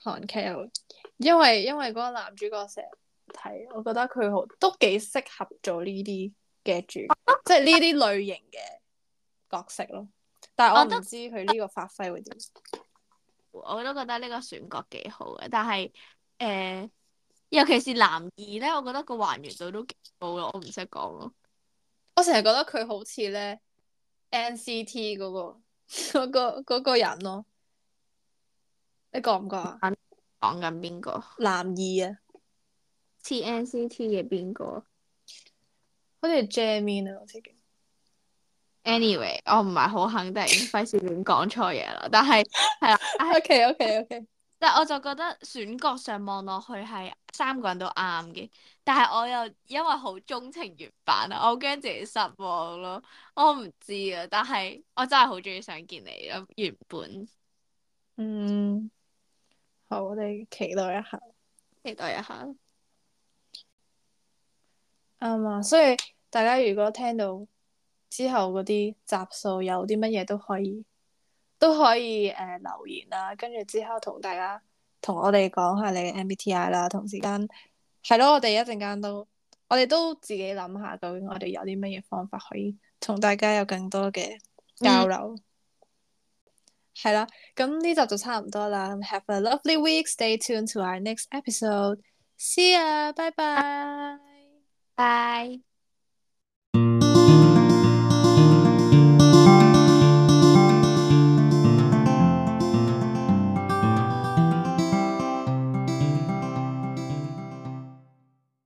韓劇，又因為因為嗰個男主角成日睇，我覺得佢好都幾適合做呢啲嘅主角， (laughs) 即係呢啲類型嘅
角色咯。但係我唔知佢呢個發揮會點。我都覺得呢個選角幾好嘅，但係誒、呃，尤其是男二咧，我覺得個還原度都幾高咯。我唔識講咯。
我成日覺得佢好似咧 NCT 嗰個、嗰個、嗰個人咯，你覺唔覺啊？講緊邊個？男二啊？似 NCT
嘅邊個？好似 Jamin 啊，我自己。Anyway，我唔係好肯定，費事亂講錯嘢啦。但係係啦。 (laughs) (laughs) OK OK OK。但我就覺得選角上望落去係三個人都啱嘅，但係我又因為好鍾情原版啊，我好驚自己失望咯。我唔知啊，但係我真係好中意想見你咯，原本。嗯。
好，我哋期待一下，
期待一下。
啱啊！所以大家如果聽到之後嗰啲集數有啲乜嘢都可以。都可以誒、呃、留言啦，啊，跟住之後同大家同我哋講下你嘅 MBTI 啦，同時間係咯，我哋一陣間都我哋都自己諗下，究竟我哋有啲乜嘢方法可以同大家有更多嘅交流。係啦，嗯，咁呢集就差唔多啦。Have a lovely week. Stay tuned to our next episode. See ya. Bye bye.
Bye.